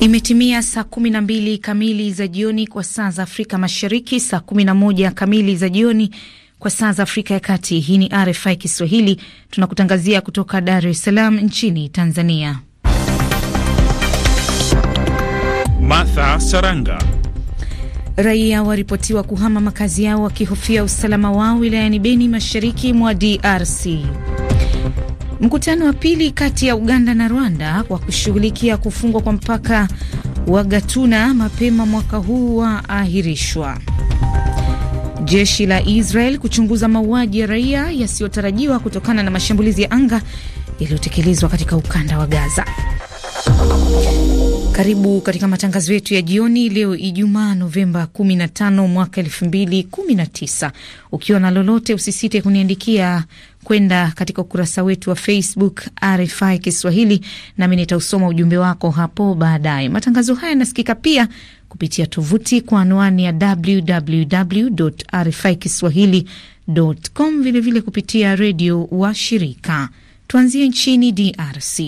Imetimia saa 12 kamili za jioni kwa saa za Afrika Mashariki, saa 11 kamili za jioni kwa saa za Afrika ya Kati. Hii ni RFI Kiswahili, tunakutangazia kutoka Dar es Salaam nchini Tanzania. Martha Saranga. Raia waripotiwa kuhama makazi yao wakihofia usalama wao wilayani Beni, mashariki mwa DRC. Mkutano wa pili kati ya Uganda na Rwanda kwa kushughulikia kufungwa kwa mpaka wa Gatuna mapema mwaka huu waahirishwa. Jeshi la Israel kuchunguza mauaji ya raia yasiyotarajiwa kutokana na mashambulizi ya anga yaliyotekelezwa katika ukanda wa Gaza. Karibu katika matangazo yetu ya jioni leo Ijumaa, Novemba 15 mwaka 2019. Ukiwa na lolote, usisite kuniandikia kwenda katika ukurasa wetu wa Facebook RFI Kiswahili, nami nitausoma ujumbe wako hapo baadaye. Matangazo haya yanasikika pia kupitia tovuti kwa anwani ya www RFI kiswahilicom, vilevile kupitia redio wa shirika. Tuanzie nchini DRC.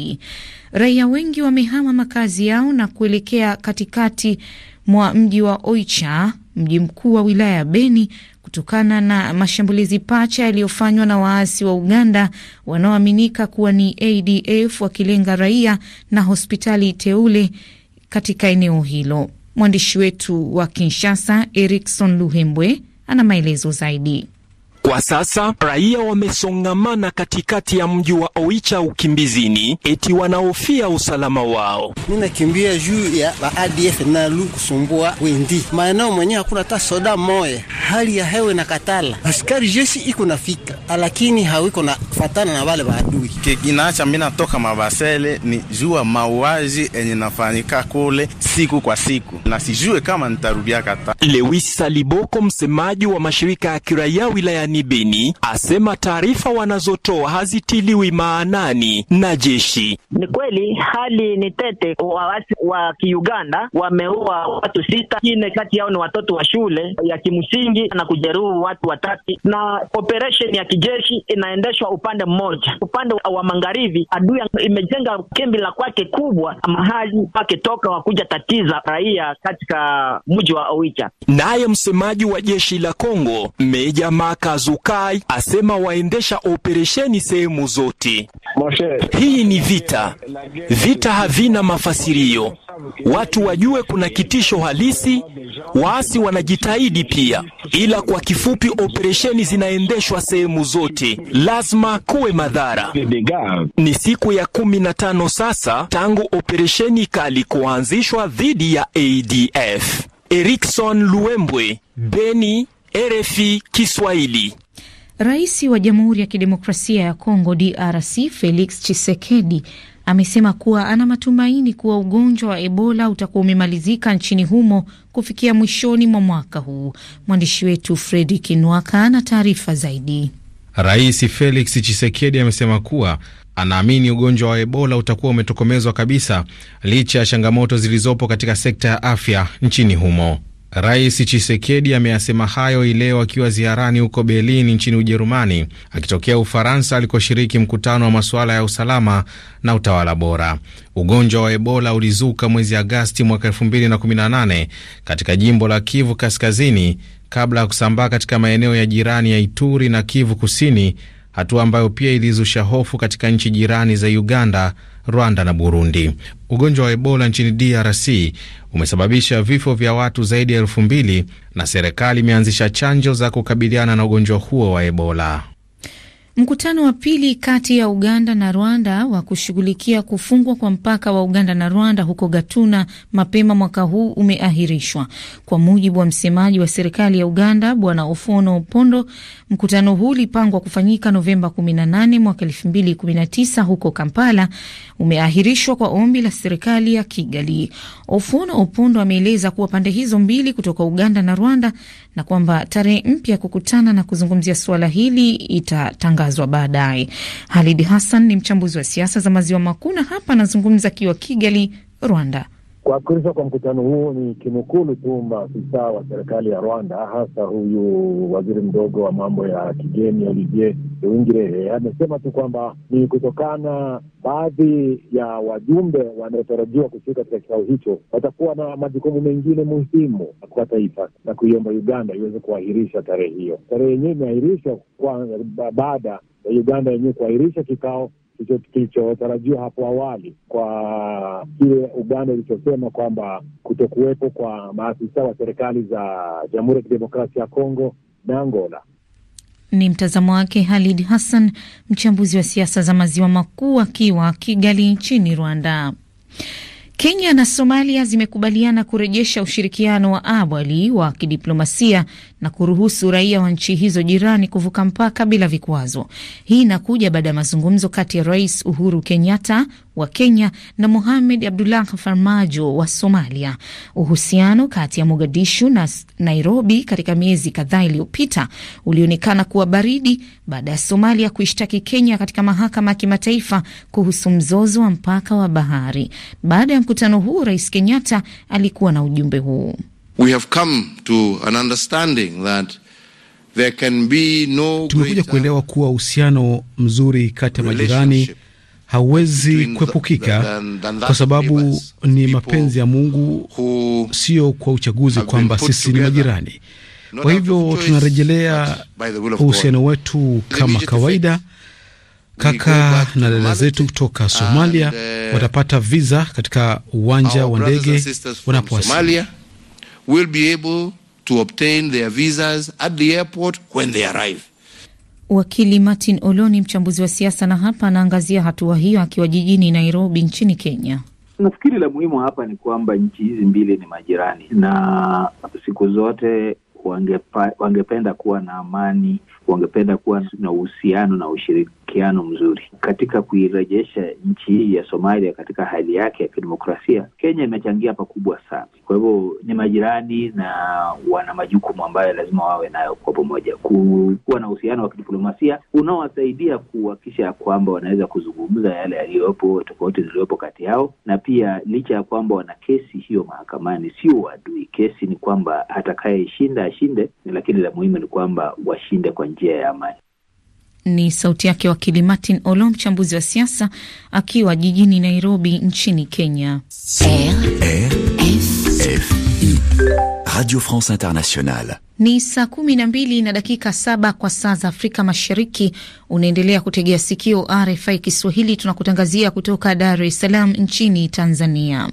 Raia wengi wamehama makazi yao na kuelekea katikati mwa mji wa Oicha, mji mkuu wa wilaya ya Beni, kutokana na mashambulizi pacha yaliyofanywa na waasi wa Uganda wanaoaminika kuwa ni ADF wakilenga raia na hospitali teule katika eneo hilo. Mwandishi wetu wa Kinshasa, Erikson Luhembwe, ana maelezo zaidi. Kwa sasa raia wamesongamana katikati ya mji wa Oicha ukimbizini, eti wanaofia usalama wao. nakimbia juu ya ADF na kusumbua wendi maeneo mwenye hakuna hata soda moya, hali ya hewa katala Askari jeshi iko nafika, lakini hawiko nafatana na wale waadui. Kinaacha mimi natoka Mabasele ni jua mauaji enye nafanyika kule siku kwa siku, na sijue kama nitarudia kata. Lewisa Liboko, msemaji wa mashirika ya kiraia wilayani Beni asema taarifa wanazotoa hazitiliwi maanani na jeshi. Ni kweli hali ni tete, waasi wa Kiuganda wameua watu sita, ine kati yao ni watoto wa shule ya kimsingi na kujeruhi watu watatu, na operation ya kijeshi inaendeshwa upande mmoja, upande wa magharibi. Adui imejenga kembi la kwake kubwa mahali pake toka wakuja tatiza raia katika mji wa Oicha. Naye msemaji wa jeshi la Kongo Meja Maka zukai asema waendesha operesheni sehemu zote. Hii ni vita, vita havina mafasirio. Watu wajue kuna kitisho halisi, waasi wanajitahidi pia, ila kwa kifupi, operesheni zinaendeshwa sehemu zote, lazima kuwe madhara. Ni siku ya kumi na tano sasa tangu operesheni kali kuanzishwa dhidi ya ADF. Erikson Luembwe, Beni, RFI Kiswahili. Rais wa Jamhuri ya Kidemokrasia ya Kongo DRC Felix Tshisekedi amesema kuwa ana matumaini kuwa ugonjwa wa Ebola utakuwa umemalizika nchini humo kufikia mwishoni mwa mwaka huu. Mwandishi wetu Fredi Kinwaka ana taarifa zaidi. Rais Felix Tshisekedi amesema kuwa anaamini ugonjwa wa Ebola utakuwa umetokomezwa kabisa licha ya changamoto zilizopo katika sekta ya afya nchini humo. Rais Chisekedi ameyasema hayo ileo leo akiwa ziarani huko Berlin nchini Ujerumani, akitokea Ufaransa alikoshiriki mkutano wa masuala ya usalama na utawala bora. Ugonjwa wa Ebola ulizuka mwezi Agasti mwaka 2018 katika jimbo la Kivu Kaskazini kabla ya kusambaa katika maeneo ya jirani ya Ituri na Kivu Kusini, hatua ambayo pia ilizusha hofu katika nchi jirani za Uganda Rwanda na Burundi. Ugonjwa wa Ebola nchini DRC umesababisha vifo vya watu zaidi ya elfu mbili na serikali imeanzisha chanjo za kukabiliana na ugonjwa huo wa Ebola. Mkutano wa pili kati ya Uganda na Rwanda wa kushughulikia kufungwa kwa mpaka wa Uganda na Rwanda huko Gatuna mapema mwaka huu umeahirishwa. Kwa mujibu wa msemaji wa serikali ya Uganda Bwana Ofono Opondo, mkutano huu ulipangwa kufanyika Novemba 18 mwaka 2019 huko Kampala, umeahirishwa kwa ombi la serikali ya Kigali. Ofono Opondo ameeleza kuwa pande hizo mbili kutoka Uganda na Rwanda na kwamba tarehe mpya ya kukutana na kuzungumzia suala hili itatangazwa kutangazwa baadaye. Halidi Hassan ni mchambuzi wa siasa za maziwa makuu na hapa anazungumza akiwa Kigali, Rwanda. Kuakhirishwa kwa mkutano huo ni kinukulu tu maafisa wa serikali ya Rwanda, hasa huyu waziri mdogo wa mambo ya kigeni Olivier Nduhungirehe amesema tu kwamba ni kutokana baadhi ya wajumbe wanaotarajiwa kufika katika kikao hicho watakuwa na majukumu mengine muhimu kwa taifa na kuiomba Uganda iweze kuahirisha tarehe hiyo. Tarehe yenyewe imeahirishwa baada ya Uganda yenyewe kuahirisha kikao kilichotarajiwa hapo awali kwa kile Uganda ilichosema kwamba kuto kuwepo kwa maafisa wa serikali za Jamhuri ya Kidemokrasia ya Kongo na Angola. Ni mtazamo wake Halid Hassan, mchambuzi wa siasa za maziwa makuu, akiwa Kigali nchini Rwanda. Kenya na Somalia zimekubaliana kurejesha ushirikiano wa awali wa kidiplomasia na kuruhusu raia wa nchi hizo jirani kuvuka mpaka bila vikwazo. Hii inakuja baada ya mazungumzo kati ya Rais Uhuru Kenyatta wa Kenya na Mohamed Abdullah Farmajo wa Somalia. Uhusiano kati ya Mogadishu na Nairobi katika miezi kadhaa iliyopita ulionekana kuwa baridi baada ya Somalia kuishtaki Kenya katika mahakama ya kimataifa kuhusu mzozo wa mpaka wa bahari. Baada ya mkutano huu, Rais Kenyatta alikuwa na ujumbe huu. We have come to an understanding that there can be no, tumekuja kuelewa kuwa uhusiano mzuri kati ya majirani hauwezi kuepukika kwa sababu ni mapenzi ya Mungu, sio kwa uchaguzi kwamba sisi ni majirani. Kwa hivyo tunarejelea uhusiano wetu kama kawaida. Kaka na dada zetu kutoka Somalia and, uh, watapata viza katika uwanja wa ndege wanapowasili. Wakili Martin Oloni, mchambuzi wa siasa, na hapa anaangazia hatua hiyo akiwa jijini Nairobi nchini Kenya. Nafikiri la muhimu hapa ni kwamba nchi hizi mbili ni majirani na siku zote wangepa, wangependa kuwa na amani, wangependa kuwa na uhusiano na ushirika ushirikiano mzuri katika kuirejesha nchi hii ya Somalia katika hali yake ya kidemokrasia. Kenya imechangia pakubwa sana, kwa hivyo ni majirani na wana majukumu ambayo lazima wawe nayo kwa pamoja, kuwa na uhusiano wa kidiplomasia unaowasaidia kuhakikisha ya kwamba wanaweza kuzungumza yale yaliyopo, tofauti ziliyopo kati yao, na pia licha ya kwamba wana kesi hiyo mahakamani, sio wadui. Kesi ni kwamba atakayeshinda ashinde, lakini la muhimu ni kwamba washinde kwa njia ya amani. Ni sauti yake wakili Martin Olo, mchambuzi wa siasa akiwa jijini Nairobi nchini Kenya. RFI Radio France Internationale. Ni saa kumi na mbili na dakika saba kwa saa za Afrika Mashariki. Unaendelea kutegea sikio RFI Kiswahili, tunakutangazia kutoka Dar es Salaam nchini Tanzania.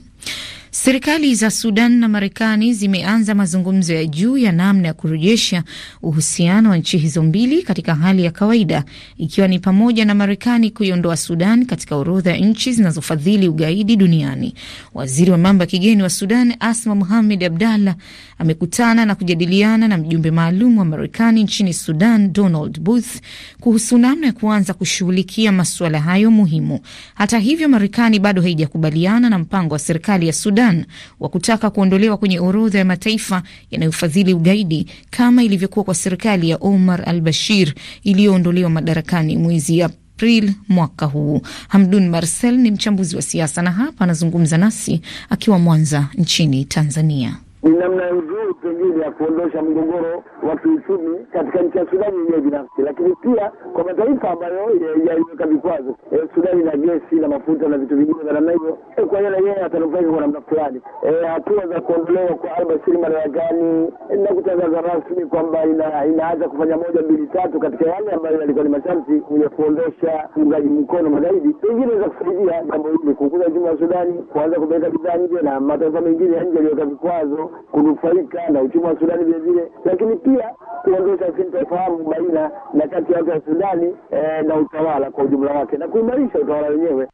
Serikali za Sudan na Marekani zimeanza mazungumzo ya juu ya namna ya kurejesha uhusiano wa nchi hizo mbili katika hali ya kawaida, ikiwa ni pamoja na Marekani kuiondoa Sudan katika orodha ya nchi zinazofadhili ugaidi duniani. Waziri wa mambo ya kigeni wa Sudan, Asma muhamed Abdallah, amekutana na kujadiliana na mjumbe maalum wa Marekani nchini Sudan, Donald Booth, kuhusu namna ya kuanza kushughulikia masuala hayo muhimu. Hata hivyo, Marekani bado haijakubaliana na mpango wa serikali ya Sudan wa kutaka kuondolewa kwenye orodha ya mataifa yanayofadhili ugaidi kama ilivyokuwa kwa serikali ya Omar al Bashir iliyoondolewa madarakani mwezi April mwaka huu. Hamdun Marcel ni mchambuzi wa siasa na hapa anazungumza nasi akiwa Mwanza nchini Tanzania ni namna nzuri pengine ya kuondosha mgogoro wa kiuchumi katika nchi ya Sudani yenyewe binafsi, lakini pia kwa mataifa ambayo yaliweka vikwazo eh, Sudani na gesi na mafuta na vitu vingine vya namna E, Kwa hiyo na yeye atanufaika kwa namna fulani. Eh, hatua za kuondolewa kwa Albashiri madarakani na kutangaza rasmi kwamba inaanza kufanya moja mbili tatu katika yale ambayo yalikuwa ni masharti ya kuondosha uungaji mkono magaidi, pengine za kusaidia jambo hili kukuza uchumi wa Sudani, kuanza kupeleka bidhaa nje na mataifa mengine ya nje yaliyoweka vikwazo kunufaika na uchumi wa Sudani vile vile, lakini pia kuongeza sintofahamu baina na kati ya watu wa Sudani eh, na utawala kwa ujumla wake na kuimarisha utawala wenyewe.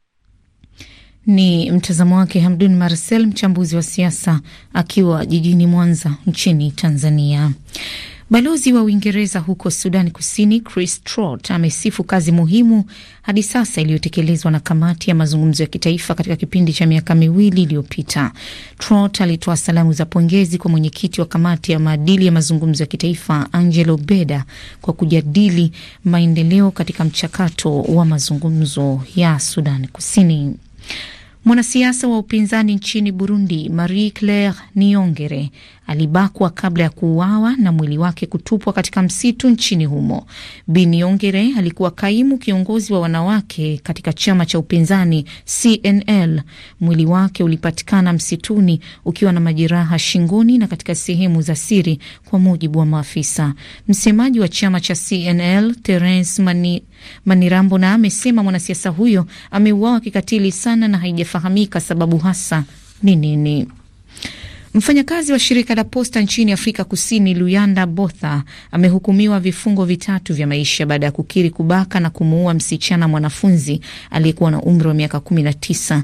Ni mtazamo wake Hamdun Marcel, mchambuzi wa siasa akiwa jijini Mwanza nchini Tanzania. Balozi wa Uingereza huko Sudani Kusini Chris Trot amesifu kazi muhimu hadi sasa iliyotekelezwa na kamati ya mazungumzo ya kitaifa katika kipindi cha miaka miwili iliyopita. Trot alitoa salamu za pongezi kwa mwenyekiti wa kamati ya maadili ya mazungumzo ya kitaifa Angelo Beda kwa kujadili maendeleo katika mchakato wa mazungumzo ya Sudani Kusini. Mwanasiasa wa upinzani nchini Burundi, Marie Claire Niongere alibakwa kabla ya kuuawa na mwili wake kutupwa katika msitu nchini humo. Bi Niongere alikuwa kaimu kiongozi wa wanawake katika chama cha upinzani CNL. Mwili wake ulipatikana msituni ukiwa na majeraha shingoni na katika sehemu za siri, kwa mujibu wa maafisa. Msemaji wa chama cha CNL Terence Mani Manirambo na amesema mwanasiasa huyo ameuawa kikatili sana na haijafahamika sababu hasa ni nini. Mfanyakazi wa shirika la posta nchini Afrika Kusini, Luyanda Botha, amehukumiwa vifungo vitatu vya maisha baada ya kukiri kubaka na kumuua msichana mwanafunzi aliyekuwa na umri wa miaka 19,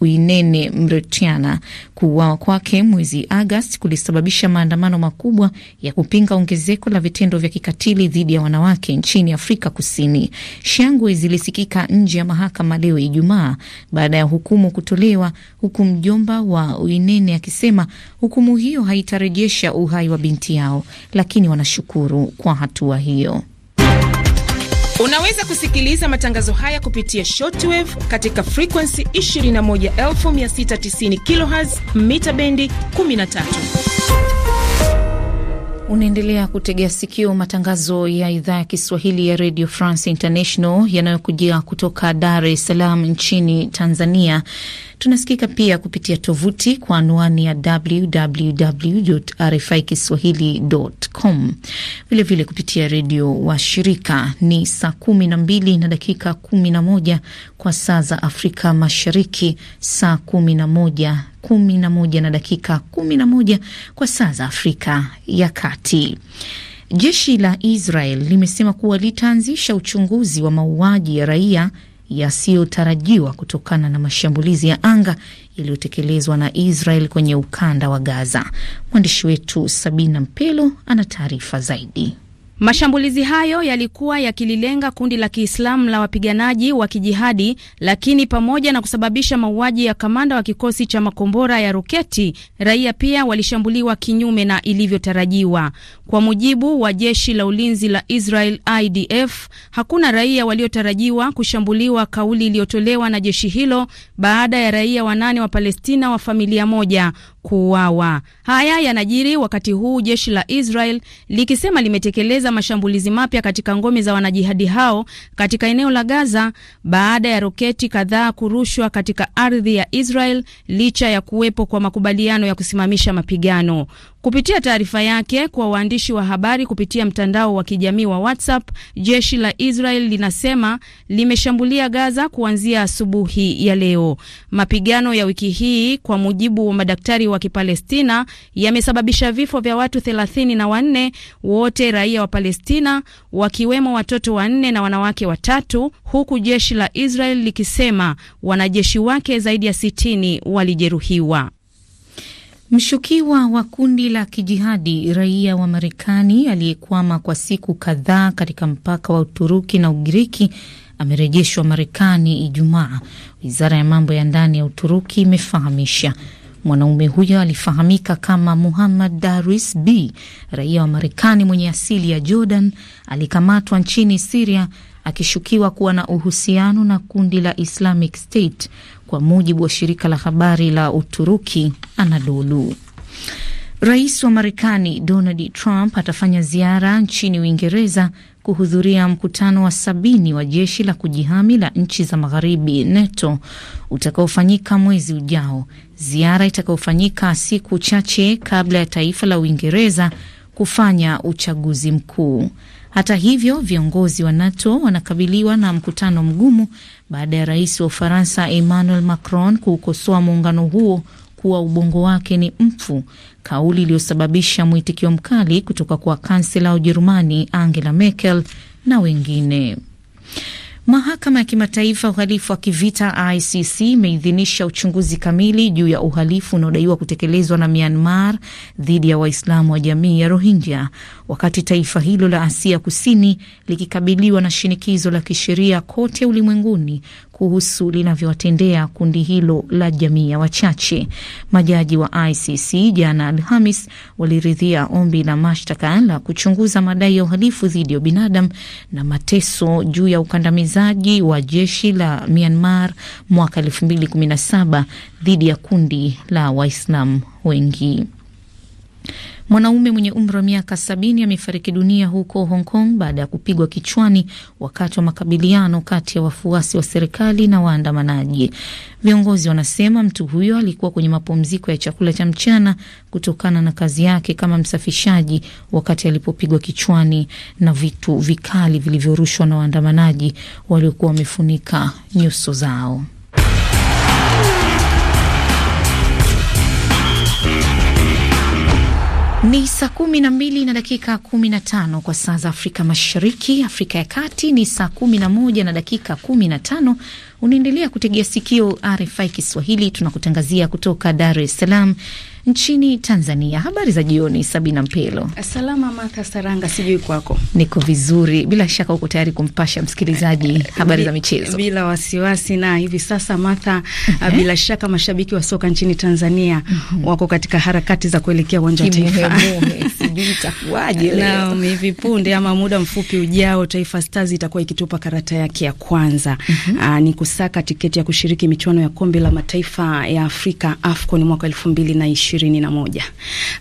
Uinene Mretiana. Kuuawa kwake mwezi agast kulisababisha maandamano makubwa ya kupinga ongezeko la vitendo vya kikatili dhidi ya wanawake nchini Afrika Kusini. Shangwe zilisikika nje ya mahakama leo Ijumaa baada ya hukumu kutolewa, huku mjomba wa Uinene akisema hukumu hiyo haitarejesha uhai wa binti yao, lakini wanashukuru kwa hatua hiyo. Unaweza kusikiliza matangazo haya kupitia shortwave katika frekuensi 21690 kilohertz mita bendi 13. Unaendelea kutegea sikio matangazo ya idhaa ya Kiswahili ya Radio France International yanayokujia kutoka Dar es Salaam nchini Tanzania. Tunasikika pia kupitia tovuti kwa anwani ya www RFI kiswahilicom, vilevile kupitia redio wa shirika. Ni saa kumi na mbili na dakika kumi na moja kwa saa za Afrika Mashariki, saa kumi na moja kumi na moja na dakika kumi na moja kwa saa za Afrika ya Kati. Jeshi la Israel limesema kuwa litaanzisha uchunguzi wa mauaji ya raia yasiyotarajiwa kutokana na mashambulizi ya anga yaliyotekelezwa na Israel kwenye ukanda wa Gaza. Mwandishi wetu Sabina Mpelo ana taarifa zaidi. Mashambulizi hayo yalikuwa yakililenga kundi la Kiislamu la wapiganaji wa kijihadi, lakini pamoja na kusababisha mauaji ya kamanda wa kikosi cha makombora ya roketi, raia pia walishambuliwa kinyume na ilivyotarajiwa. Kwa mujibu wa jeshi la ulinzi la Israel IDF, hakuna raia waliotarajiwa kushambuliwa, kauli iliyotolewa na jeshi hilo baada ya raia wanane wa Palestina wa familia moja kuuawa. Haya yanajiri wakati huu jeshi la Israel likisema limetekeleza mashambulizi mapya katika ngome za wanajihadi hao katika eneo la Gaza baada ya roketi kadhaa kurushwa katika ardhi ya Israel licha ya kuwepo kwa makubaliano ya kusimamisha mapigano. Kupitia taarifa yake kwa waandishi wa habari kupitia mtandao wa kijamii wa WhatsApp, jeshi la Israel linasema limeshambulia Gaza kuanzia asubuhi ya leo. Mapigano ya wiki hii, kwa mujibu wa madaktari wa Kipalestina, yamesababisha vifo vya watu thelathini na wanne, wote raia wa Palestina, wakiwemo watoto wanne na wanawake watatu, huku jeshi la Israel likisema wanajeshi wake zaidi ya sitini walijeruhiwa. Mshukiwa wa kundi la kijihadi raia wa Marekani aliyekwama kwa siku kadhaa katika mpaka wa Uturuki na Ugiriki amerejeshwa Marekani Ijumaa, wizara ya mambo ya ndani ya Uturuki imefahamisha. Mwanaume huyo alifahamika kama Muhammad Darwis B, raia wa Marekani mwenye asili ya Jordan, alikamatwa nchini Siria akishukiwa kuwa na uhusiano na kundi la Islamic State kwa mujibu wa shirika la habari la Uturuki Anadolu. Rais wa Marekani Donald Trump atafanya ziara nchini Uingereza kuhudhuria mkutano wa sabini wa jeshi la kujihami la nchi za magharibi NATO utakaofanyika mwezi ujao, ziara itakayofanyika siku chache kabla ya taifa la Uingereza kufanya uchaguzi mkuu. Hata hivyo, viongozi wa NATO wanakabiliwa na mkutano mgumu baada ya rais wa Ufaransa Emmanuel Macron kuukosoa muungano huo kuwa ubongo wake ni mfu, kauli iliyosababisha mwitikio mkali kutoka kwa kansela wa Ujerumani Angela Merkel na wengine. Mahakama ya Kimataifa ya Uhalifu wa Kivita ICC imeidhinisha uchunguzi kamili juu ya uhalifu unaodaiwa kutekelezwa na Myanmar dhidi ya Waislamu wa jamii ya Rohingya wakati taifa hilo la Asia Kusini likikabiliwa na shinikizo la kisheria kote ulimwenguni kuhusu linavyowatendea kundi hilo la jamii ya wachache. Majaji wa ICC jana Alhamis waliridhia ombi la mashtaka la kuchunguza madai ya uhalifu dhidi ya binadamu na mateso juu ya ukandamizaji wa jeshi la Myanmar mwaka 2017 dhidi ya kundi la Waislamu wengi. Mwanaume mwenye umri wa miaka sabini amefariki dunia huko Hong Kong baada ya kupigwa kichwani wakati wa makabiliano kati ya wafuasi wa serikali na waandamanaji. Viongozi wanasema mtu huyo alikuwa kwenye mapumziko ya chakula cha mchana kutokana na kazi yake kama msafishaji wakati alipopigwa kichwani na vitu vikali vilivyorushwa na waandamanaji waliokuwa wamefunika nyuso zao. Ni saa kumi na mbili na dakika kumi na tano kwa saa za Afrika Mashariki. Afrika ya Kati ni saa kumi na moja na dakika kumi na tano. Unaendelea kutegea sikio RFI Kiswahili, tunakutangazia kutoka Dar es Salaam nchini Tanzania. Habari za jioni, Sabina Mpelo. Salama Martha Saranga, sijui kwako. Niko vizuri, bila shaka uko tayari kumpasha msikilizaji habari za michezo bila wasiwasi. Na hivi sasa Martha, bila shaka mashabiki wa soka nchini Tanzania mhm. wako katika harakati za kuelekea uwanja wa Taifa sijui itakuwaje leo. Na hivi punde ama muda mfupi ujao, Taifa Stars itakuwa ikitupa karata yake ya kwanza mm -hmm. ni kusaka tiketi ya kushiriki michuano ya kombe la mataifa ya Afrika AFCON mwaka elfu mbili na ishirini na moja.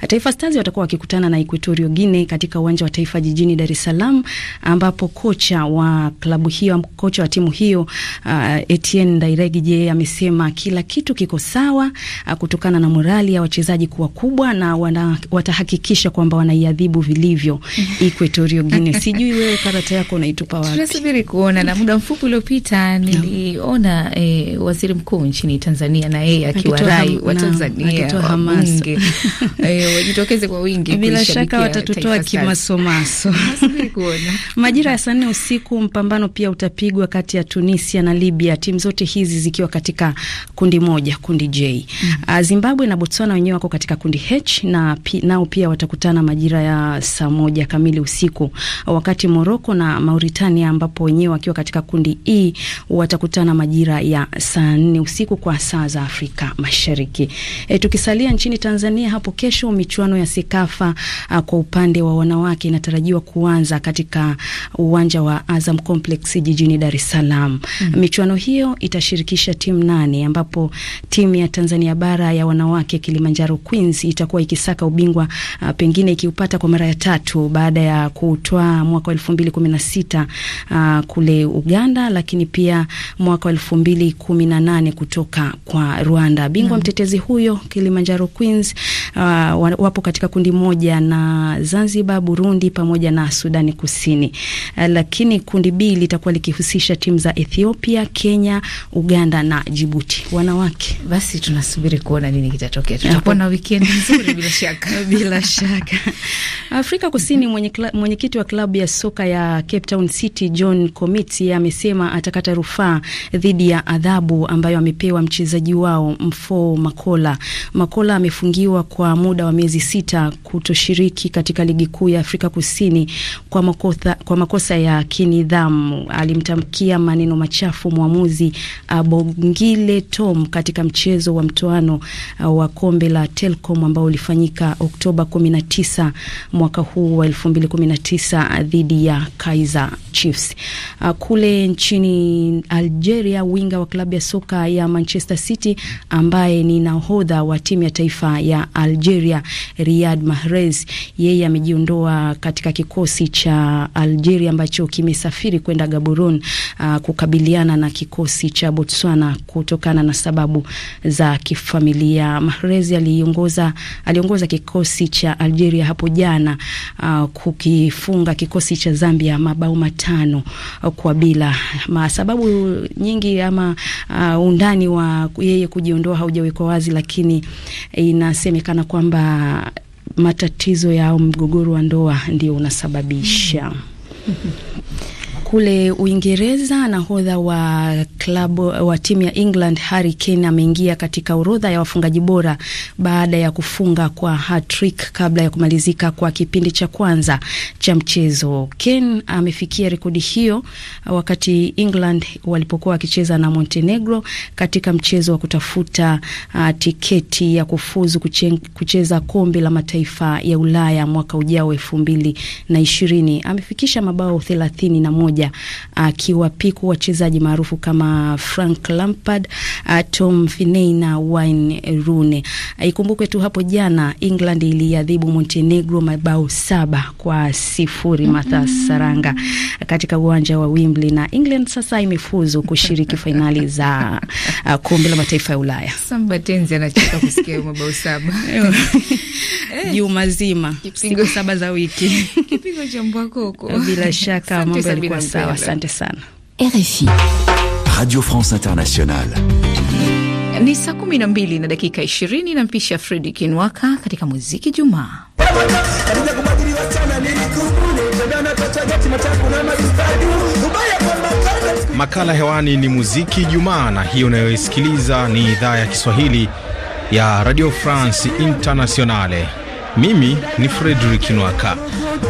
Taifa Stars watakuwa wakikutana na Equatorio Guinea katika uwanja wa taifa jijini Dar es Salaam, ambapo kocha wa klabu hiyo, kocha wa timu hiyo uh, Etienne Ndairagije amesema kila kitu kiko sawa uh, kutokana na morali ya wachezaji kuwa kubwa na wana, watahakikisha kwamba wanaiadhibu vilivyo Equatorial Guinea. Sijui wewe karata yako unaitupa wapi? Tunasubiri kuona, na muda mfupi uliopita niliona no. e, waziri mkuu nchini Tanzania na yeye akiwarai Watanzania wabunge eh, wajitokeze kwa wingi, bila shaka watatutoa kimasomaso. Tunasubiri kuona. Majira ya saa nne usiku mpambano pia utapigwa kati ya Tunisia na Libya, timu zote hizi zikiwa katika kundi moja, kundi J. Mm -hmm. Zimbabwe na Botswana wenyewe wako katika kundi H na pi, nao pia watakutana majira ya saa moja kamili usiku, wakati Moroko na Mauritania ambapo wenyewe wakiwa katika kundi E watakutana majira ya saa nne usiku kwa saa za Afrika Mashariki. E, tukisalia nchini Tanzania hapo kesho, michuano ya Sekafa a, kwa upande wa wanawake inatarajiwa kuanza katika uwanja wa Azam Complex jijini Dar es Salaam. Mm. Michuano hiyo itashirikisha timu nane ambapo timu ya Tanzania bara ya wanawake Kilimanjaro Queens itakuwa ikisaka ubingwa a, pengine nikiupata kwa mara ya tatu baada ya kutoa mwaka wa elfu mbili kumi na sita uh, kule Uganda, lakini pia mwaka wa elfu mbili kumi na nane kutoka kwa Rwanda. Bingwa mm. mtetezi huyo Kilimanjaro Queens uh, wapo katika kundi moja na Zanzibar, Burundi pamoja na Sudani Kusini uh, lakini kundi B litakuwa likihusisha timu za Ethiopia, Kenya, Uganda na Jibuti. Wanawake basi tunasubiri kuona nini kitatokea, tutakuwa na wikendi nzuri bila shaka bila shaka Afrika Kusini, mwenyekiti mwenye wa klabu ya soka ya Cape Town City John Komiti amesema atakata rufaa dhidi ya adhabu ambayo amepewa mchezaji wao Mfo Makola. Makola amefungiwa kwa muda wa miezi sita kutoshiriki katika ligi kuu ya Afrika Kusini kwa makosa, kwa makosa ya kinidhamu. Alimtamkia maneno machafu mwamuzi abongile Tom katika mchezo wa mtoano wa kombe la Telkom ambao ulifanyika Oktoba 19 Ufaransa mwaka huu wa 2019 dhidi ya Kaizer Chiefs. Ah, kule nchini Algeria, winga wa klabu ya soka ya Manchester City ambaye ni nahodha wa timu ya taifa ya Algeria, Riyad Mahrez, yeye amejiondoa katika kikosi cha Algeria ambacho kimesafiri kwenda Gaborone ah, kukabiliana na kikosi cha Botswana kutokana na sababu za kifamilia. Mahrez aliongoza aliongoza kikosi cha Algeria hapo jana uh, kukifunga kikosi cha Zambia mabao matano uh, kwa bila. ma Sababu nyingi ama uh, undani wa yeye kujiondoa haujawekwa wazi, lakini inasemekana kwamba matatizo ya mgogoro wa ndoa ndio unasababisha. Hmm. Kule Uingereza, nahodha wa klabu wa timu ya England Harry Kane ameingia katika orodha ya wafungaji bora baada ya kufunga kwa hat-trick kabla ya kumalizika kwa kipindi cha kwanza cha mchezo. Kane amefikia rekodi hiyo wakati England walipokuwa wakicheza na Montenegro katika mchezo wa kutafuta uh, tiketi ya kufuzu kuche, kucheza kombe la mataifa ya Ulaya mwaka ujao elfu mbili na ishirini. Amefikisha mabao thelathini na moja akiwapiku uh, wachezaji maarufu kama Frank Lampard, uh, Tom Finney na Wayne Rooney. Ikumbukwe tu hapo jana England iliadhibu Montenegro mabao saba kwa sifuri mm -hmm. Martha Saranga katika uwanja wa Wembley na England sasa imefuzu kushiriki fainali za uh, kombe la mataifa ya Ulaya. Samba Tenzi anacheka kusikia mabao saba juma zima, siku saba za wiki kipigo cha mbwa koko. Bila shaka mambo yalikuwa sawa. Asante sana RFI. Radio France Internationale. Ni saa 12 na dakika 20 na mpisha Fredi Kinwaka katika muziki Jumaa. Makala hewani ni muziki Jumaa, na hiyo unayoisikiliza ni idhaa ya Kiswahili ya Radio France Internationale. Mimi ni fredrik Nwaka.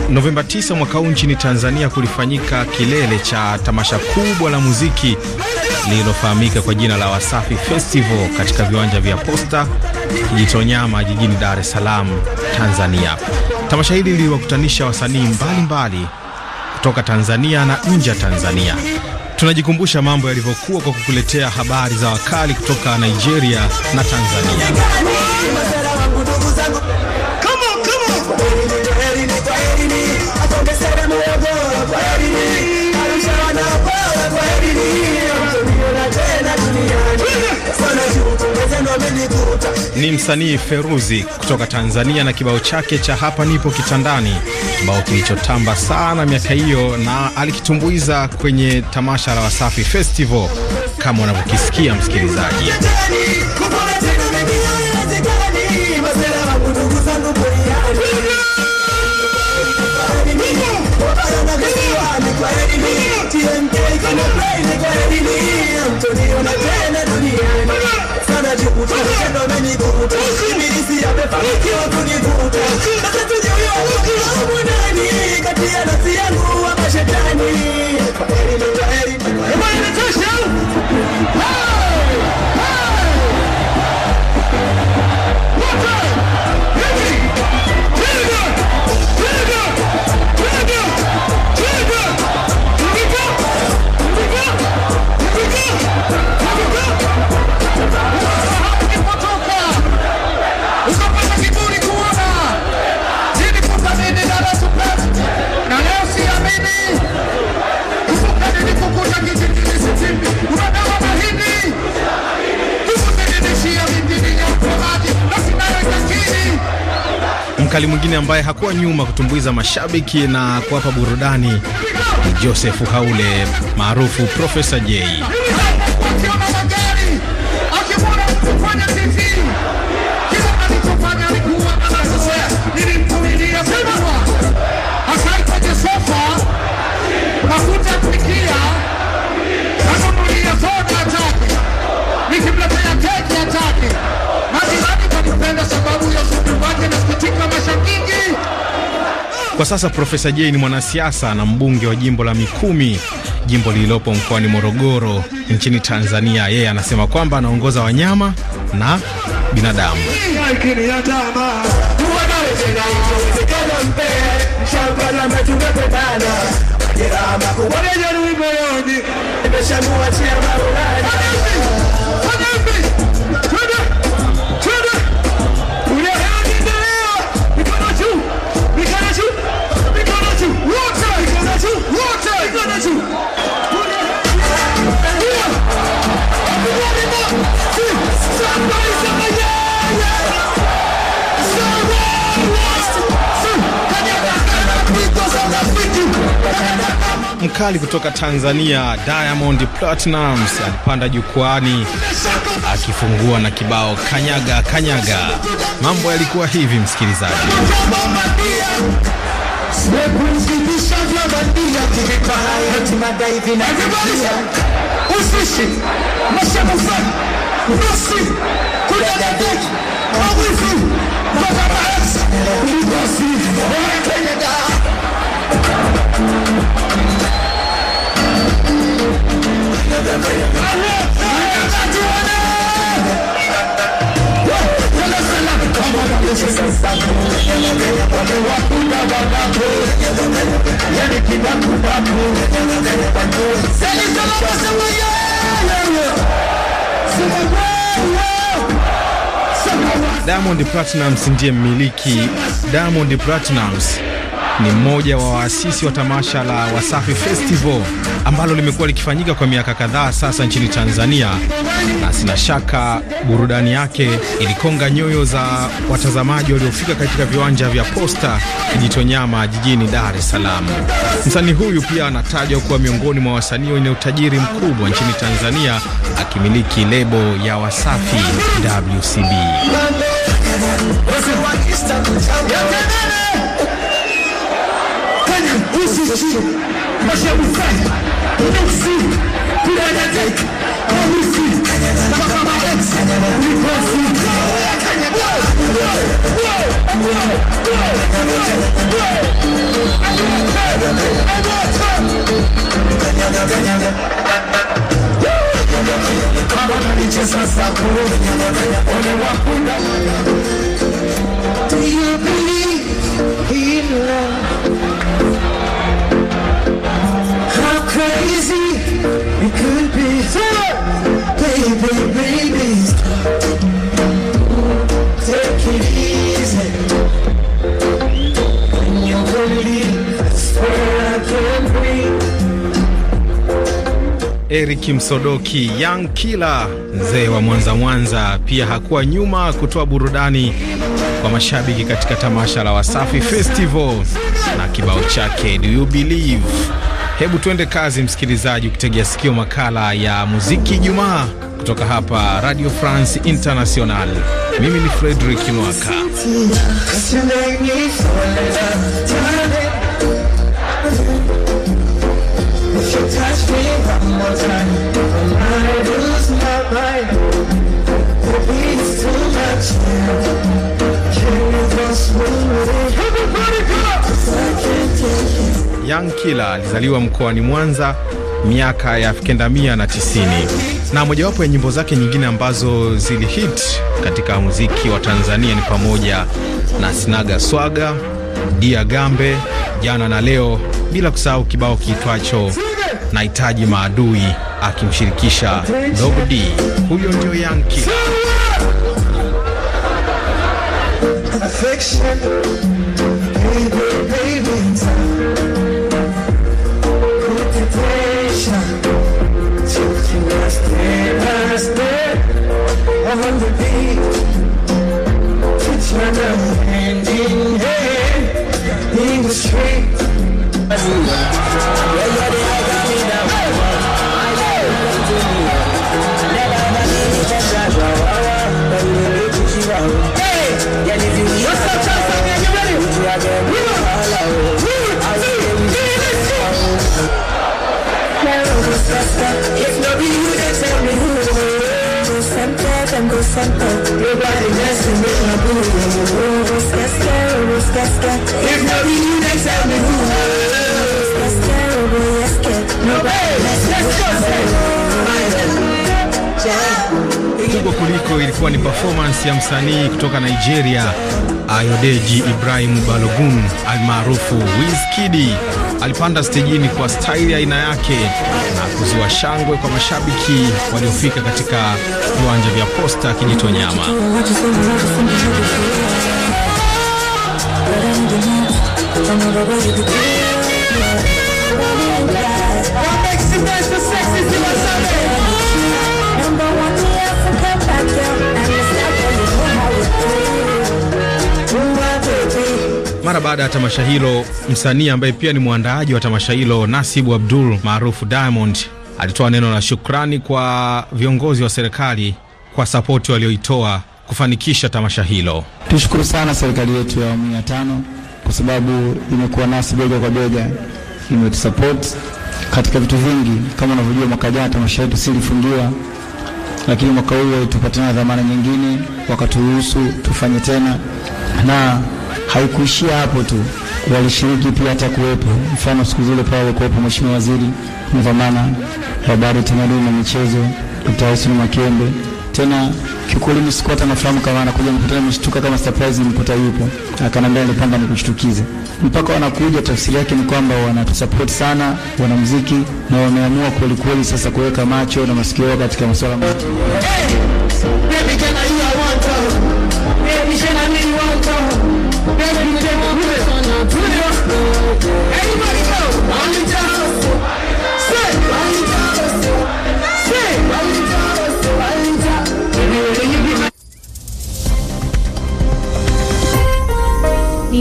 Novemba 9 mwaka huu nchini Tanzania kulifanyika kilele cha tamasha kubwa la muziki lililofahamika kwa jina la Wasafi Festival katika viwanja vya Posta Kijitonyama jijini Dar es Salaam, Tanzania. Tamasha hili liliwakutanisha wasanii mbalimbali kutoka Tanzania na nje ya Tanzania. Tunajikumbusha mambo yalivyokuwa kwa kukuletea habari za wakali kutoka Nigeria na Tanzania. ni msanii Feruzi kutoka Tanzania na kibao chake cha hapa nipo kitandani, kibao kilichotamba sana miaka hiyo, na alikitumbuiza kwenye tamasha la Wasafi Festival kama unavyokisikia msikilizaji. With you Mkali mwingine ambaye hakuwa nyuma kutumbuiza mashabiki na kuwapa burudani ni Joseph Haule maarufu Profesa J. Kwa sasa Profesa Jay ni mwanasiasa na mbunge wa jimbo la Mikumi, jimbo lililopo mkoani Morogoro nchini Tanzania. Yeye anasema kwamba anaongoza wanyama na binadamu. mkali kutoka Tanzania Diamond Platnumz alipanda jukwani akifungua na kibao kanyaga kanyaga. Mambo yalikuwa hivi, msikilizaji Diamond Platnumz ndiye mmiliki. Diamond Platnumz ni mmoja wa waasisi wa tamasha la Wasafi Festival ambalo limekuwa likifanyika kwa miaka kadhaa sasa nchini Tanzania, na sina shaka burudani yake ilikonga nyoyo za watazamaji waliofika katika viwanja vya Posta Kijitonyama jijini Dar es Salaam. Msanii huyu pia anatajwa kuwa miongoni mwa wasanii wenye utajiri mkubwa nchini Tanzania, akimiliki lebo ya Wasafi WCB. Do you believe in love? crazy, it could be Baby, baby, Take it easy. When I can breathe. Eric Msodoki, Young Killer, mzee wa Mwanza Mwanza, pia hakuwa nyuma kutoa burudani kwa mashabiki katika tamasha la Wasafi Festival na kibao chake Do You Believe. Hebu tuende kazi, msikilizaji, ukitegea sikio makala ya muziki Ijumaa kutoka hapa Radio France International. Mimi ni Frederick Nwaka. Yankila alizaliwa mkoani Mwanza miaka ya 1990 na mojawapo ya nyimbo zake nyingine ambazo zilihit katika muziki wa Tanzania ni pamoja na Sinaga Swaga, Dia Gambe, Jana na Leo, bila kusahau kibao kiitwacho Nahitaji Maadui akimshirikisha Dogdi. Huyo ndio Yankila. despair of empathy. Each other hand in hand in the street. Everybody got I got nothing the you We Go Center. Nobody just to make my boo. Oh, Ruskaska, Ruskaska. If not be you, next time be who? Ruskaska, Ruskaska. Nobody. kubwa kuliko ilikuwa ni performance ya msanii kutoka Nigeria Ayodeji Ibrahim Balogun almaarufu Wizkid. Alipanda stejini kwa staili aina yake na kuzua shangwe kwa mashabiki waliofika katika viwanja vya Posta Kijitonyama. Mara baada ya tamasha hilo, msanii ambaye pia ni mwandaaji wa tamasha hilo Nasibu Abdul maarufu Diamond alitoa neno la shukrani kwa viongozi wa serikali kwa sapoti walioitoa kufanikisha tamasha hilo. Tushukuru sana serikali yetu ya awamu ya tano kwa sababu imekuwa nasi bega kwa bega, imetusapoti katika vitu vingi. Kama unavyojua, mwaka jana tamasha yetu silifungiwa, lakini mwaka huu walitupatia dhamana nyingine, wakaturuhusu tufanye tena na Haikuishia hapo tu, walishiriki pia hata kuwepo, mfano siku zile pale kuwepo Mheshimiwa Waziri wa dhamana habari, tamaduni na michezo, Dkt. Hassan Makembe. Tena kiukweli mimi sikuwa hata nafahamu kama anakuja mkutano, mshtuka kama surprise, mkuta yupo, akanambia nilipanga nikushtukize. Mpaka wanakuja, tafsiri yake ni kwamba wanatusupport sana wanamuziki, na wameamua kweli sasa kuweka macho na masikio katika masuala hey!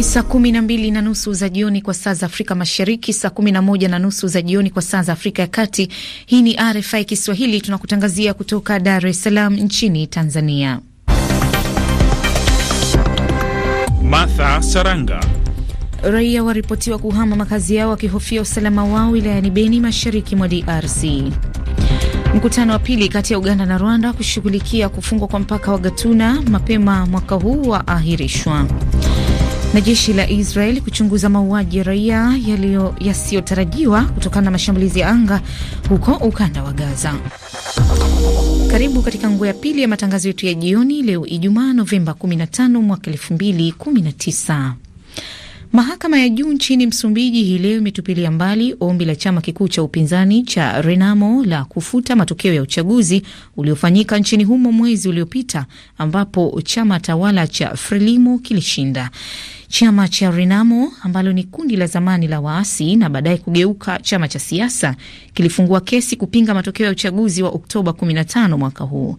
Saa kumi na mbili na nusu za jioni kwa saa za Afrika Mashariki, saa kumi na moja na nusu za jioni kwa saa za Afrika ya Kati. Hii ni RFI Kiswahili, tunakutangazia kutoka Dar es Salaam nchini Tanzania. Martha Saranga Raia waripotiwa kuhama makazi yao wakihofia usalama wao wilayani Beni, mashariki mwa DRC. Mkutano wa pili kati ya Uganda na Rwanda kushughulikia kufungwa kwa mpaka wa Gatuna mapema mwaka huu wa ahirishwa Na jeshi la Israel kuchunguza mauaji ya raia yasiyotarajiwa kutokana na mashambulizi ya anga huko ukanda wa Gaza. Karibu katika nguo ya pili ya matangazo yetu ya jioni leo Ijumaa Novemba 15 mwaka 2019. Mahakama ya juu nchini Msumbiji hii leo imetupilia mbali ombi la chama kikuu cha upinzani cha Renamo la kufuta matokeo ya uchaguzi uliofanyika nchini humo mwezi uliopita ambapo chama tawala cha Frelimo kilishinda. Chama cha Renamo ambalo ni kundi la zamani la waasi na baadaye kugeuka chama cha siasa kilifungua kesi kupinga matokeo ya uchaguzi wa Oktoba 15 mwaka huu.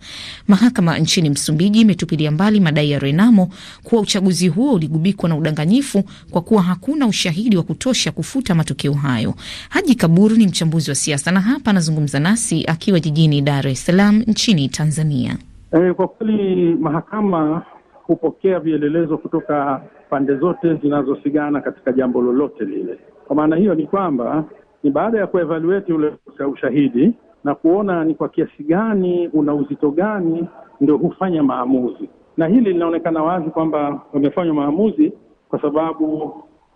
Mahakama nchini Msumbiji imetupilia mbali madai ya Renamo kuwa uchaguzi huo uligubikwa na udanganyifu kwa kuwa hakuna ushahidi wa kutosha kufuta matokeo hayo. Haji Kaburu ni mchambuzi wa siasa na hapa anazungumza nasi akiwa jijini Dar es Salaam nchini Tanzania. E, kwa kweli mahakama hupokea vielelezo kutoka pande zote zinazosigana katika jambo lolote lile. Kwa maana hiyo ni kwamba ni baada ya kuevaluate ule ushahidi na kuona ni kwa kiasi gani una uzito gani, ndio hufanya maamuzi, na hili linaonekana wazi kwamba wamefanywa maamuzi kwa sababu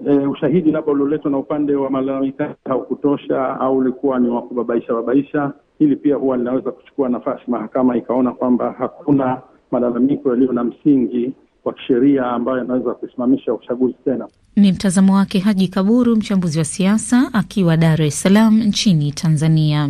e, ushahidi labda ulioletwa na upande wa malalamikaji haukutosha au ulikuwa ni wa kubabaisha babaisha. Hili pia huwa linaweza kuchukua nafasi mahakama ikaona kwamba hakuna malalamiko yaliyo na msingi kwa kisheria ambayo anaweza kusimamisha uchaguzi tena. Ni mtazamo wake Haji Kaburu, mchambuzi wa siasa akiwa Dar es Salaam nchini Tanzania.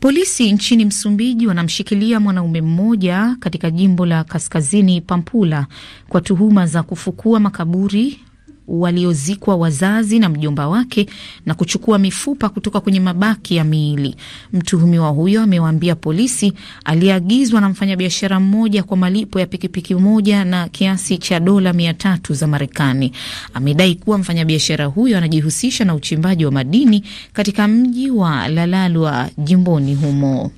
Polisi nchini Msumbiji wanamshikilia mwanaume mmoja katika jimbo la kaskazini Pampula kwa tuhuma za kufukua makaburi waliozikwa wazazi na mjomba wake na kuchukua mifupa kutoka kwenye mabaki ya miili. Mtuhumiwa huyo amewaambia polisi aliagizwa na mfanyabiashara mmoja kwa malipo ya pikipiki moja na kiasi cha dola mia tatu za Marekani. Amedai kuwa mfanyabiashara huyo anajihusisha na uchimbaji wa madini katika mji wa Lalalwa jimboni humo.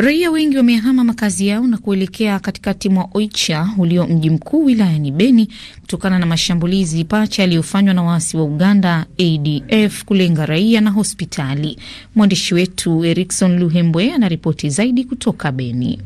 Raia wengi wamehama makazi yao na kuelekea katikati mwa Oicha ulio mji mkuu wilayani Beni kutokana na mashambulizi pacha yaliyofanywa na waasi wa Uganda ADF kulenga raia na hospitali. Mwandishi wetu Erikson Luhembwe anaripoti zaidi kutoka Beni.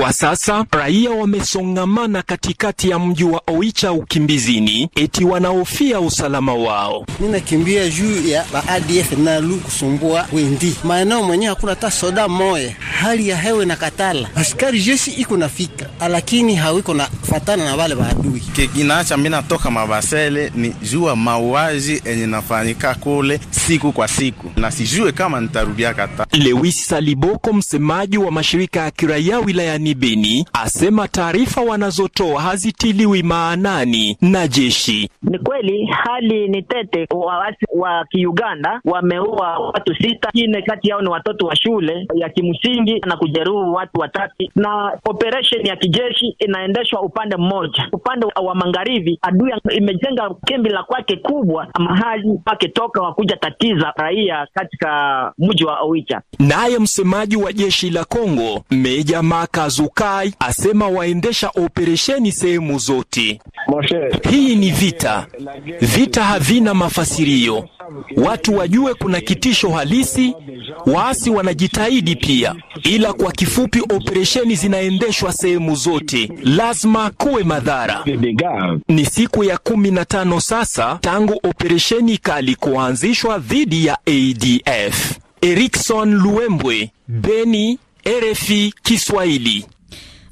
Kwa sasa raia wamesongamana katikati ya mji wa Oicha ukimbizini, eti wanaofia usalama wao. Ninakimbia juu ya ADF nalu kusumbua wendi maeneo mwenyewe, hakuna hata soda moya, hali ya hewa katala askari jeshi iko nafika, lakini hawiko fatana na wale waadui. Kinaacha mimi natoka mabasele ni jua mauaji enye nafanyika kule siku kwa siku, na sijue kama nitarudia kata. Lewis Saliboko, msemaji wa mashirika ya kiraia wilaya mkoani Beni asema taarifa wanazotoa hazitiliwi maanani na jeshi. Ni kweli hali ni tete, waasi wa Kiuganda wameua watu sita, ine kati yao ni watoto wa shule ya kimsingi na kujeruhi watu watatu, na operation ya kijeshi inaendeshwa upande mmoja, upande wa magharibi. Adui imejenga kambi la kwake kubwa mahali pake toka wakuja tatiza raia katika mji wa Oicha. Naye msemaji wa jeshi la Kongo Meja Maka zukai asema waendesha operesheni sehemu zote. Hii ni vita, vita havina mafasirio. Watu wajue kuna kitisho halisi. Waasi wanajitahidi pia, ila kwa kifupi, operesheni zinaendeshwa sehemu zote, lazima kuwe madhara. Ni siku ya kumi na tano sasa tangu operesheni kali kuanzishwa dhidi ya ADF. Erikson Luembwe, Beni, RFI Kiswahili.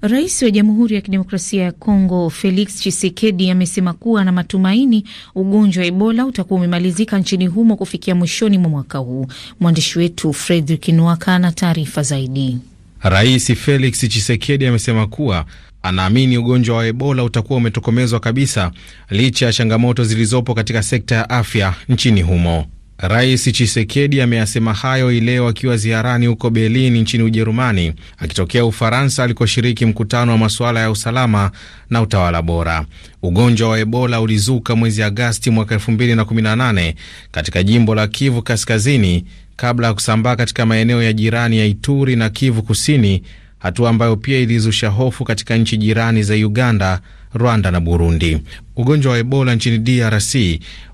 Rais wa Jamhuri ya Kidemokrasia ya Kongo Felix Tshisekedi amesema kuwa na matumaini ugonjwa wa Ebola utakuwa umemalizika nchini humo kufikia mwishoni mwa mwaka huu. Mwandishi wetu Fredrik Nwaka ana taarifa zaidi. Rais Felix Tshisekedi amesema kuwa anaamini ugonjwa wa Ebola utakuwa umetokomezwa kabisa licha ya changamoto zilizopo katika sekta ya afya nchini humo. Rais Chisekedi ameyasema hayo hii leo akiwa ziarani huko Berlin nchini Ujerumani, akitokea Ufaransa alikoshiriki mkutano wa masuala ya usalama na utawala bora. Ugonjwa wa Ebola ulizuka mwezi Agasti mwaka 2018 katika jimbo la Kivu Kaskazini kabla ya kusambaa katika maeneo ya jirani ya Ituri na Kivu Kusini, hatua ambayo pia ilizusha hofu katika nchi jirani za Uganda Rwanda na Burundi. Ugonjwa wa Ebola nchini DRC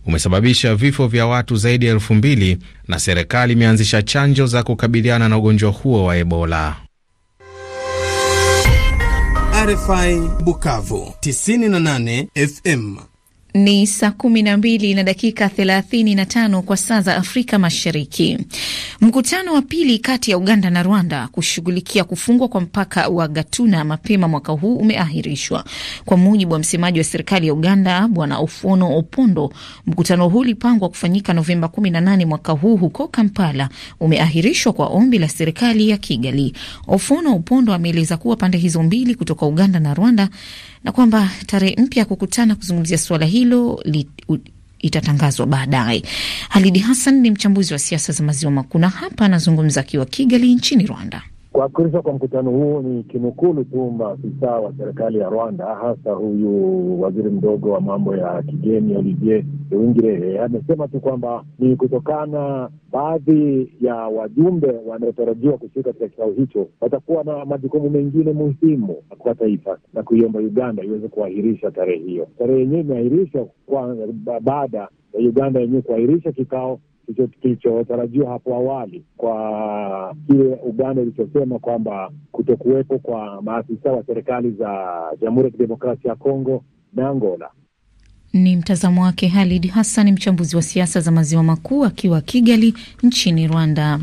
umesababisha vifo vya watu zaidi ya elfu mbili na serikali imeanzisha chanjo za kukabiliana na ugonjwa huo wa Ebola. RFI Bukavu 98 FM ni saa kumi na mbili na dakika thelathini na tano kwa saa za Afrika Mashariki. Mkutano wa pili kati ya Uganda na Rwanda kushughulikia kufungwa kwa mpaka wa Gatuna mapema mwaka huu umeahirishwa. Kwa mujibu wa msemaji wa serikali ya Uganda Bwana Ofuono Opondo, mkutano huu ulipangwa kufanyika Novemba 18 mwaka huu huko Kampala, umeahirishwa kwa ombi la serikali ya Kigali. Ofuono Opondo ameeleza kuwa pande hizo mbili kutoka Uganda na Rwanda na kwamba tarehe mpya ya kukutana kuzungumzia suala hilo li, u, itatangazwa baadaye. Halidi Hassan ni mchambuzi wa siasa za maziwa makuu na hapa anazungumza akiwa Kigali nchini Rwanda. Kuakhirishwa kwa mkutano huo ni kinukulu tu maafisa wa serikali ya Rwanda, hasa huyu waziri mdogo wa mambo ya kigeni Olivier Nduhungirehe amesema tu kwamba ni kutokana baadhi ya wajumbe wanaotarajiwa kushiriki katika kikao hicho watakuwa na majukumu mengine muhimu kwa taifa na kuiomba Uganda iweze kuahirisha tarehe hiyo. Tarehe yenyewe imeahirishwa baada ya Uganda yenyewe kuahirisha kikao kilichotarajiwa hapo awali kwa kile Uganda ilichosema kwamba kutokuwepo kwa maafisa wa serikali za Jamhuri ya Kidemokrasia ya Kongo na Angola. Ni mtazamo wake Halid Hassan, mchambuzi wa siasa za maziwa makuu, akiwa Kigali nchini Rwanda.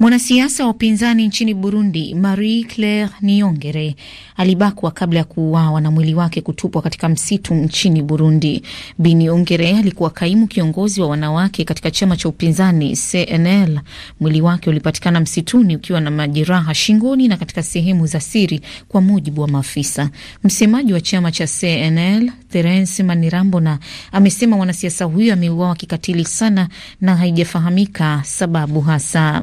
Mwanasiasa wa upinzani nchini Burundi, Marie Claire Niongere alibakwa kabla ya kuuawa na mwili wake kutupwa katika msitu nchini Burundi. Bi Niongere alikuwa kaimu kiongozi wa wanawake katika chama cha upinzani CNL. Mwili wake ulipatikana msituni ukiwa na majeraha shingoni na katika sehemu za siri, kwa mujibu wa maafisa. Msemaji wa chama cha CNL Therence Manirambona amesema mwanasiasa huyo ameuawa kikatili sana na haijafahamika sababu hasa.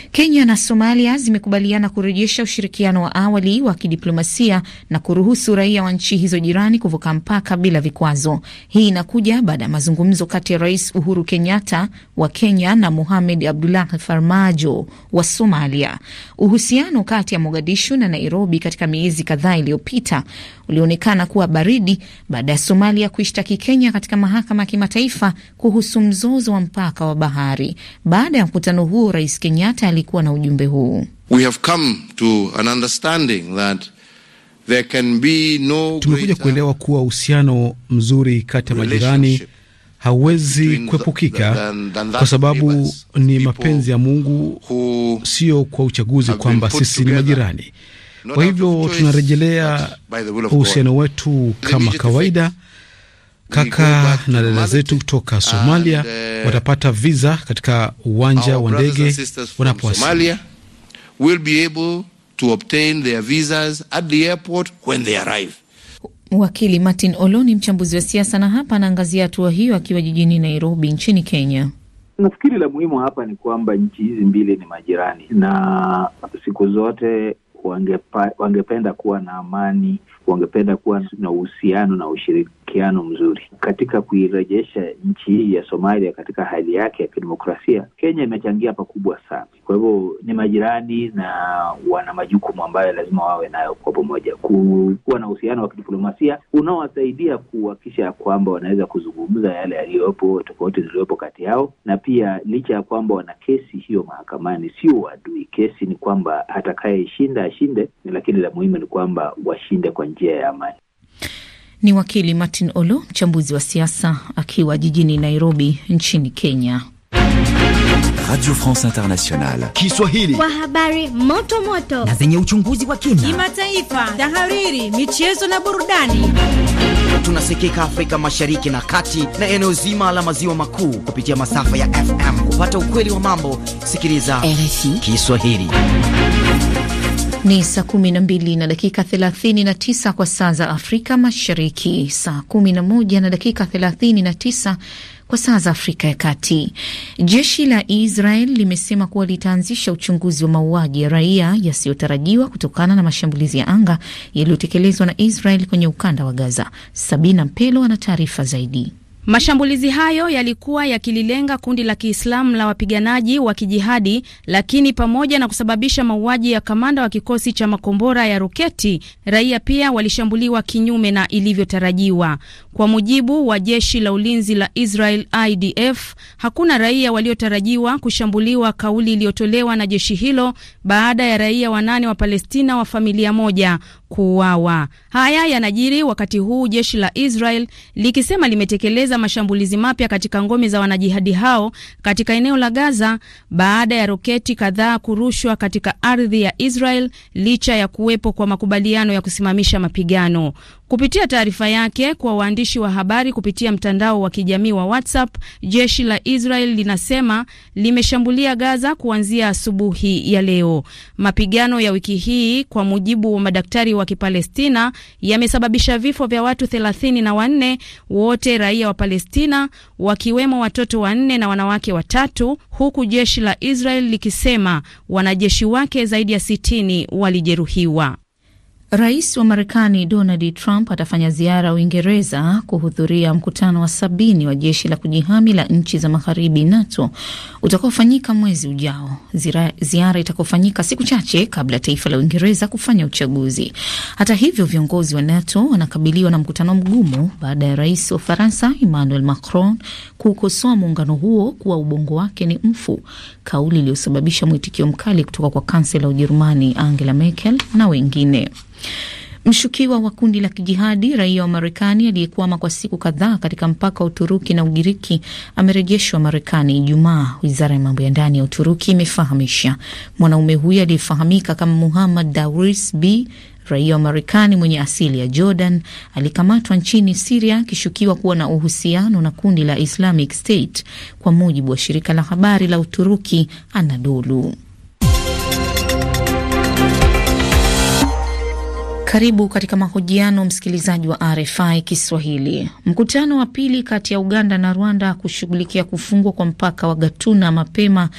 Kenya na Somalia zimekubaliana kurejesha ushirikiano wa awali wa kidiplomasia na kuruhusu raia wa nchi hizo jirani kuvuka mpaka bila vikwazo. Hii inakuja baada ya mazungumzo kati ya Rais Uhuru Kenyatta wa Kenya na Mohamed Abdullahi Farmajo wa Somalia. Uhusiano kati ya Mogadishu na Nairobi katika miezi kadhaa iliyopita ulionekana kuwa baridi baada ya Somalia kuishtaki Kenya katika mahakama ya kimataifa kuhusu mzozo wa mpaka wa bahari. Baada ya mkutano huo, Rais Kenyatta alikuwa na ujumbe huu. We have come to an understanding that there can be no, tumekuja kuelewa kuwa uhusiano mzuri kati ya majirani hauwezi kuepukika kwa sababu ni mapenzi ya Mungu, sio kwa uchaguzi kwamba sisi ni majirani. Kwa hivyo tunarejelea uhusiano wetu kama kawaida kaka na dada zetu kutoka Somalia and, uh, watapata visa katika uwanja wa ndege wanapowasili. Wakili Martin Oloni, mchambuzi wa siasa, na hapa anaangazia hatua hiyo akiwa jijini Nairobi nchini Kenya. Nafikiri la muhimu hapa ni kwamba nchi hizi mbili ni majirani na siku zote wangepa, wangependa kuwa na amani wangependa kuwa na uhusiano na ushirikiano mzuri katika kuirejesha nchi hii ya Somalia katika hali yake ya kidemokrasia. Kenya imechangia pakubwa sana, kwa hivyo ni majirani na wana majukumu ambayo lazima wawe nayo kwa pamoja, kuwa na uhusiano wa kidiplomasia unaowasaidia kuhakikisha ya kwamba wanaweza kuzungumza yale yaliyopo, tofauti zilizopo kati yao, na pia licha ya kwamba wana kesi hiyo mahakamani, sio adui. Kesi ni kwamba atakayeshinda ashinde, lakini la muhimu ni kwamba washinde kwa nchi njia ya amani. Ni wakili Martin Olo, mchambuzi wa siasa akiwa jijini Nairobi nchini Kenya. Radio France Internationale Kiswahili kwa habari moto moto na zenye uchunguzi wa kina, kimataifa, tahariri, michezo na burudani. Tunasikika Afrika Mashariki na Kati na eneo zima la maziwa makuu kupitia masafa ya FM. Kupata ukweli wa mambo, sikiliza RFI Kiswahili. Ni saa 12 na dakika 39 kwa saa za Afrika Mashariki, saa 11 na dakika 39 kwa saa za Afrika ya Kati. Jeshi la Israel limesema kuwa litaanzisha uchunguzi wa mauaji ya raia yasiyotarajiwa kutokana na mashambulizi ya anga yaliyotekelezwa na Israel kwenye ukanda wa Gaza. Sabina Mpelo ana taarifa zaidi. Mashambulizi hayo yalikuwa yakililenga kundi la Kiislamu la wapiganaji wa kijihadi, lakini pamoja na kusababisha mauaji ya kamanda wa kikosi cha makombora ya roketi, raia pia walishambuliwa kinyume na ilivyotarajiwa. Kwa mujibu wa jeshi la ulinzi la Israel IDF, hakuna raia waliotarajiwa kushambuliwa, kauli iliyotolewa na jeshi hilo baada ya raia wanane wa Palestina wa familia moja kuuawa. Haya yanajiri wakati huu jeshi la Israel likisema limetekeleza mashambulizi mapya katika ngome za wanajihadi hao katika eneo la Gaza baada ya roketi kadhaa kurushwa katika ardhi ya Israel licha ya kuwepo kwa makubaliano ya kusimamisha mapigano. Kupitia taarifa yake kwa waandishi wa habari kupitia mtandao wa kijamii wa WhatsApp, jeshi la Israel linasema limeshambulia Gaza kuanzia asubuhi ya leo. Mapigano ya wiki hii kwa mujibu wa madaktari wa wa Kipalestina yamesababisha vifo vya watu thelathini na wanne, wote raia wa Palestina, wakiwemo watoto wanne na wanawake watatu, huku jeshi la Israel likisema wanajeshi wake zaidi ya sitini walijeruhiwa. Rais wa Marekani Donald Trump atafanya ziara Uingereza kuhudhuria mkutano wa sabini wa jeshi la kujihami la nchi za magharibi NATO utakaofanyika mwezi ujao, ziara itakaofanyika siku chache kabla ya taifa la Uingereza kufanya uchaguzi. Hata hivyo, viongozi wa NATO wanakabiliwa na mkutano mgumu baada ya rais wa Faransa Emmanuel Macron kuukosoa muungano huo kuwa ubongo wake ni mfu, kauli iliyosababisha mwitikio mkali kutoka kwa kansela wa Ujerumani Angela Merkel na wengine. Mshukiwa wa kundi la kijihadi raia wa Marekani aliyekwama kwa siku kadhaa katika mpaka wa Uturuki na Ugiriki amerejeshwa Marekani Ijumaa, wizara ya mambo ya ndani ya Uturuki imefahamisha. Mwanaume huyo aliyefahamika kama Muhammad Dawris B raia wa Marekani mwenye asili ya Jordan alikamatwa nchini Siria akishukiwa kuwa na uhusiano na kundi la Islamic State, kwa mujibu wa shirika la habari la Uturuki Anadolu. Karibu katika mahojiano msikilizaji wa RFI Kiswahili. Mkutano wa pili kati ya Uganda na Rwanda kushughulikia kufungwa kwa mpaka wa Gatuna mapema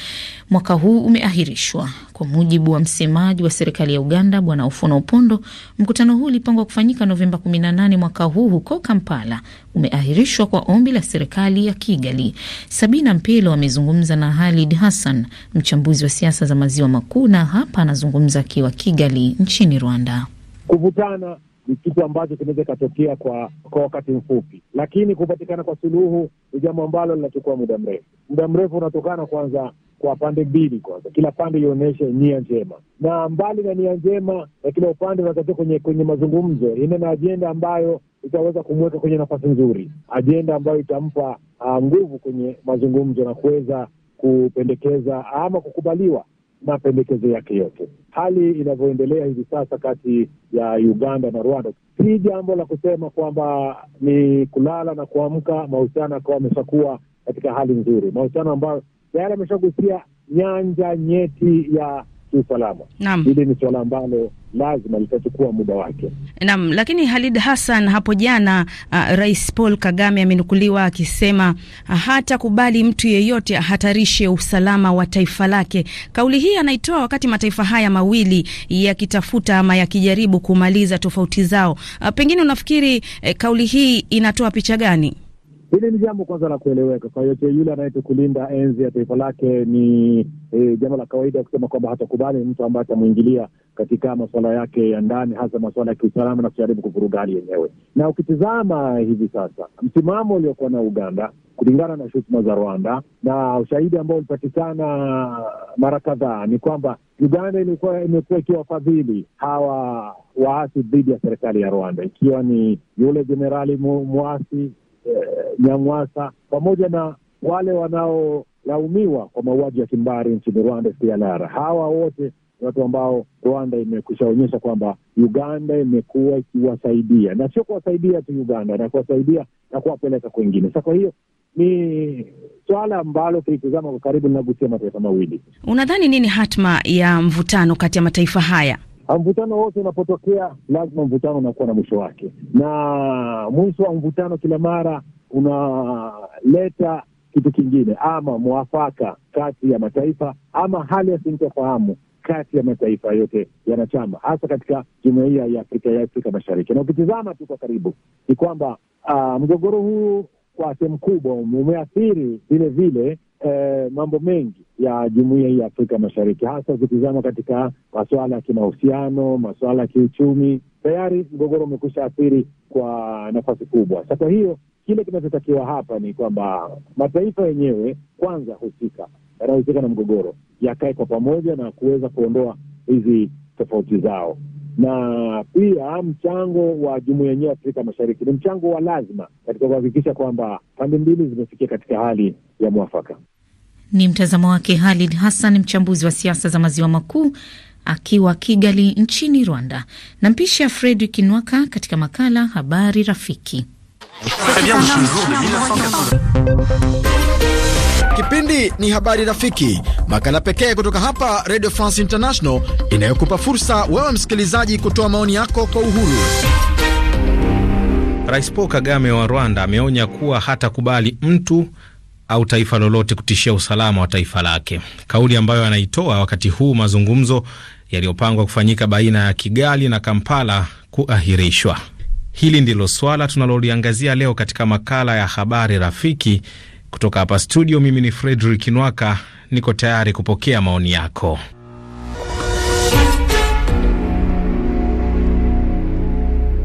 mwaka huu umeahirishwa. Kwa mujibu wa msemaji wa serikali ya Uganda, Bwana Ofuono Opondo, mkutano huu ulipangwa kufanyika Novemba 18 mwaka huu huko Kampala, umeahirishwa kwa ombi la serikali ya Kigali. Sabina Mpelo amezungumza na Halid Hassan, mchambuzi wa siasa za maziwa makuu, na hapa anazungumza akiwa Kigali nchini Rwanda kuvutana ni kitu ambacho kinaweza ikatokea kwa kwa wakati mfupi, lakini kupatikana kwa suluhu ni jambo ambalo linachukua muda mrefu. Muda mrefu unatokana kwanza kwa pande mbili, kwanza kila pande ionyeshe nia njema, na mbali na nia njema ya kila upande unatakiwa kwenye kwenye mazungumzo ine na ajenda ambayo itaweza kumweka kwenye nafasi nzuri, ajenda ambayo itampa ah, nguvu kwenye mazungumzo na kuweza kupendekeza ama kukubaliwa mapendekezo yake yote. Hali inavyoendelea hivi sasa kati ya Uganda na Rwanda si jambo la kusema kwamba ni kulala na kuamka, mahusiano akawa ameshakuwa katika hali nzuri, mahusiano ambayo tayari ameshagusia nyanja nyeti ya kiusalama. hili ni suala ambalo lazima litachukua muda wake. Naam, lakini Halid Hassan hapo jana, uh, Rais Paul Kagame amenukuliwa akisema uh, hatakubali mtu yeyote ahatarishe usalama wa taifa lake. Kauli hii anaitoa wakati mataifa haya mawili yakitafuta ama yakijaribu kumaliza tofauti zao. Uh, pengine unafikiri uh, kauli hii inatoa picha gani? Hili ni jambo kwanza la kueleweka. Kwa hiyo yule kulinda enzi ya taifa lake ni e, jambo la kawaida kusema kwamba hatakubali mtu ambaye atamwingilia katika masuala yake ya ndani, hasa masuala ya kiusalama na kujaribu kuvuruga hali yenyewe. Na ukitizama hivi sasa msimamo uliokuwa na Uganda kulingana na shutuma za Rwanda na ushahidi ambao ulipatikana mara kadhaa ni kwamba Uganda ilikuwa imekuwa ikiwafadhili hawa waasi dhidi ya serikali ya Rwanda, ikiwa ni yule jenerali muasi Eh, Nyamwasa pamoja na wale wanaolaumiwa kwa mauaji ya kimbari nchini Rwanda, FDLR. Hawa wote watu ambao Rwanda imekushaonyesha kwamba Uganda imekuwa ikiwasaidia, na sio kuwasaidia tu Uganda, na kuwasaidia na kuwapeleka kwengine. Sa, kwa hiyo ni swala ambalo ukilitizama kwa karibu linagusia mataifa mawili. Unadhani nini hatma ya mvutano kati ya mataifa haya? mvutano wote unapotokea lazima mvutano unakuwa na mwisho wake, na mwisho wa mvutano kila mara unaleta kitu kingine, ama mwafaka kati ya mataifa ama hali ya sintofahamu kati ya mataifa yote yanachama, hasa katika jumuiya ya Afrika ya Afrika Mashariki. Na ukitizama tu kwa karibu, ni kwamba ah, mgogoro huu kwa sehemu kubwa umeathiri vilevile eh, mambo mengi ya jumuiya hii ya Afrika Mashariki, hasa ukitizama katika masuala ya kimahusiano, masuala ya kiuchumi. Tayari mgogoro umekwisha athiri kwa nafasi kubwa. Sasa kwa hiyo kile kinachotakiwa hapa ni kwamba mataifa yenyewe kwanza husika yanayohusika na mgogoro yakae kwa pamoja na kuweza kuondoa hizi tofauti zao, na pia mchango wa jumuiya yenyewe ya Afrika Mashariki ni mchango wa lazima katika kuhakikisha kwamba pande mbili zimefikia katika hali ya mwafaka. Ni mtazamo wake Halid Hassan, mchambuzi wa siasa za maziwa makuu akiwa Kigali nchini Rwanda. Nampisha Fredrik Nwaka katika makala Habari Rafiki. Kipindi ni Habari Rafiki, makala pekee kutoka hapa Radio France International inayokupa fursa wewe msikilizaji kutoa maoni yako kwa uhuru. Rais Paul Kagame wa Rwanda ameonya kuwa hatakubali mtu au taifa lolote kutishia usalama wa taifa lake, kauli ambayo anaitoa wakati huu mazungumzo yaliyopangwa kufanyika baina ya Kigali na Kampala kuahirishwa. Hili ndilo swala tunaloliangazia leo katika makala ya habari rafiki kutoka hapa studio. Mimi ni Fredrick Nwaka, niko tayari kupokea maoni yako.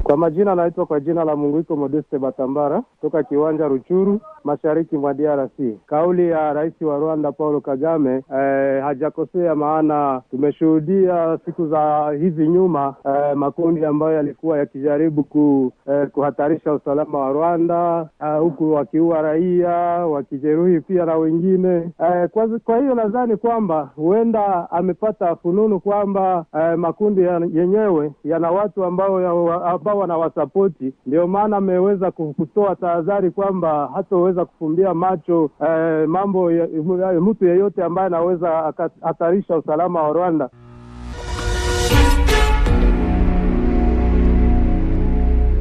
Kwa majina anaitwa kwa jina la Munguiko Modeste Batambara toka kiwanja Ruchuru, mashariki mwa DRC. Kauli ya rais wa Rwanda Paul Kagame eh, hajakosea, maana tumeshuhudia siku za hizi nyuma eh, makundi ambayo yalikuwa yakijaribu ku, eh, kuhatarisha usalama wa Rwanda eh, huku wakiua raia wakijeruhi pia na wengine eh, kwa, kwa hiyo nadhani kwamba huenda amepata fununu kwamba eh, makundi ya, yenyewe yana watu ambao ya, ambao na wasapoti, Ndio maana ameweza kutoa tahadhari kwamba hatoweza kufumbia macho eh, mambo ya, mtu yeyote ambaye anaweza hatarisha usalama wa Rwanda.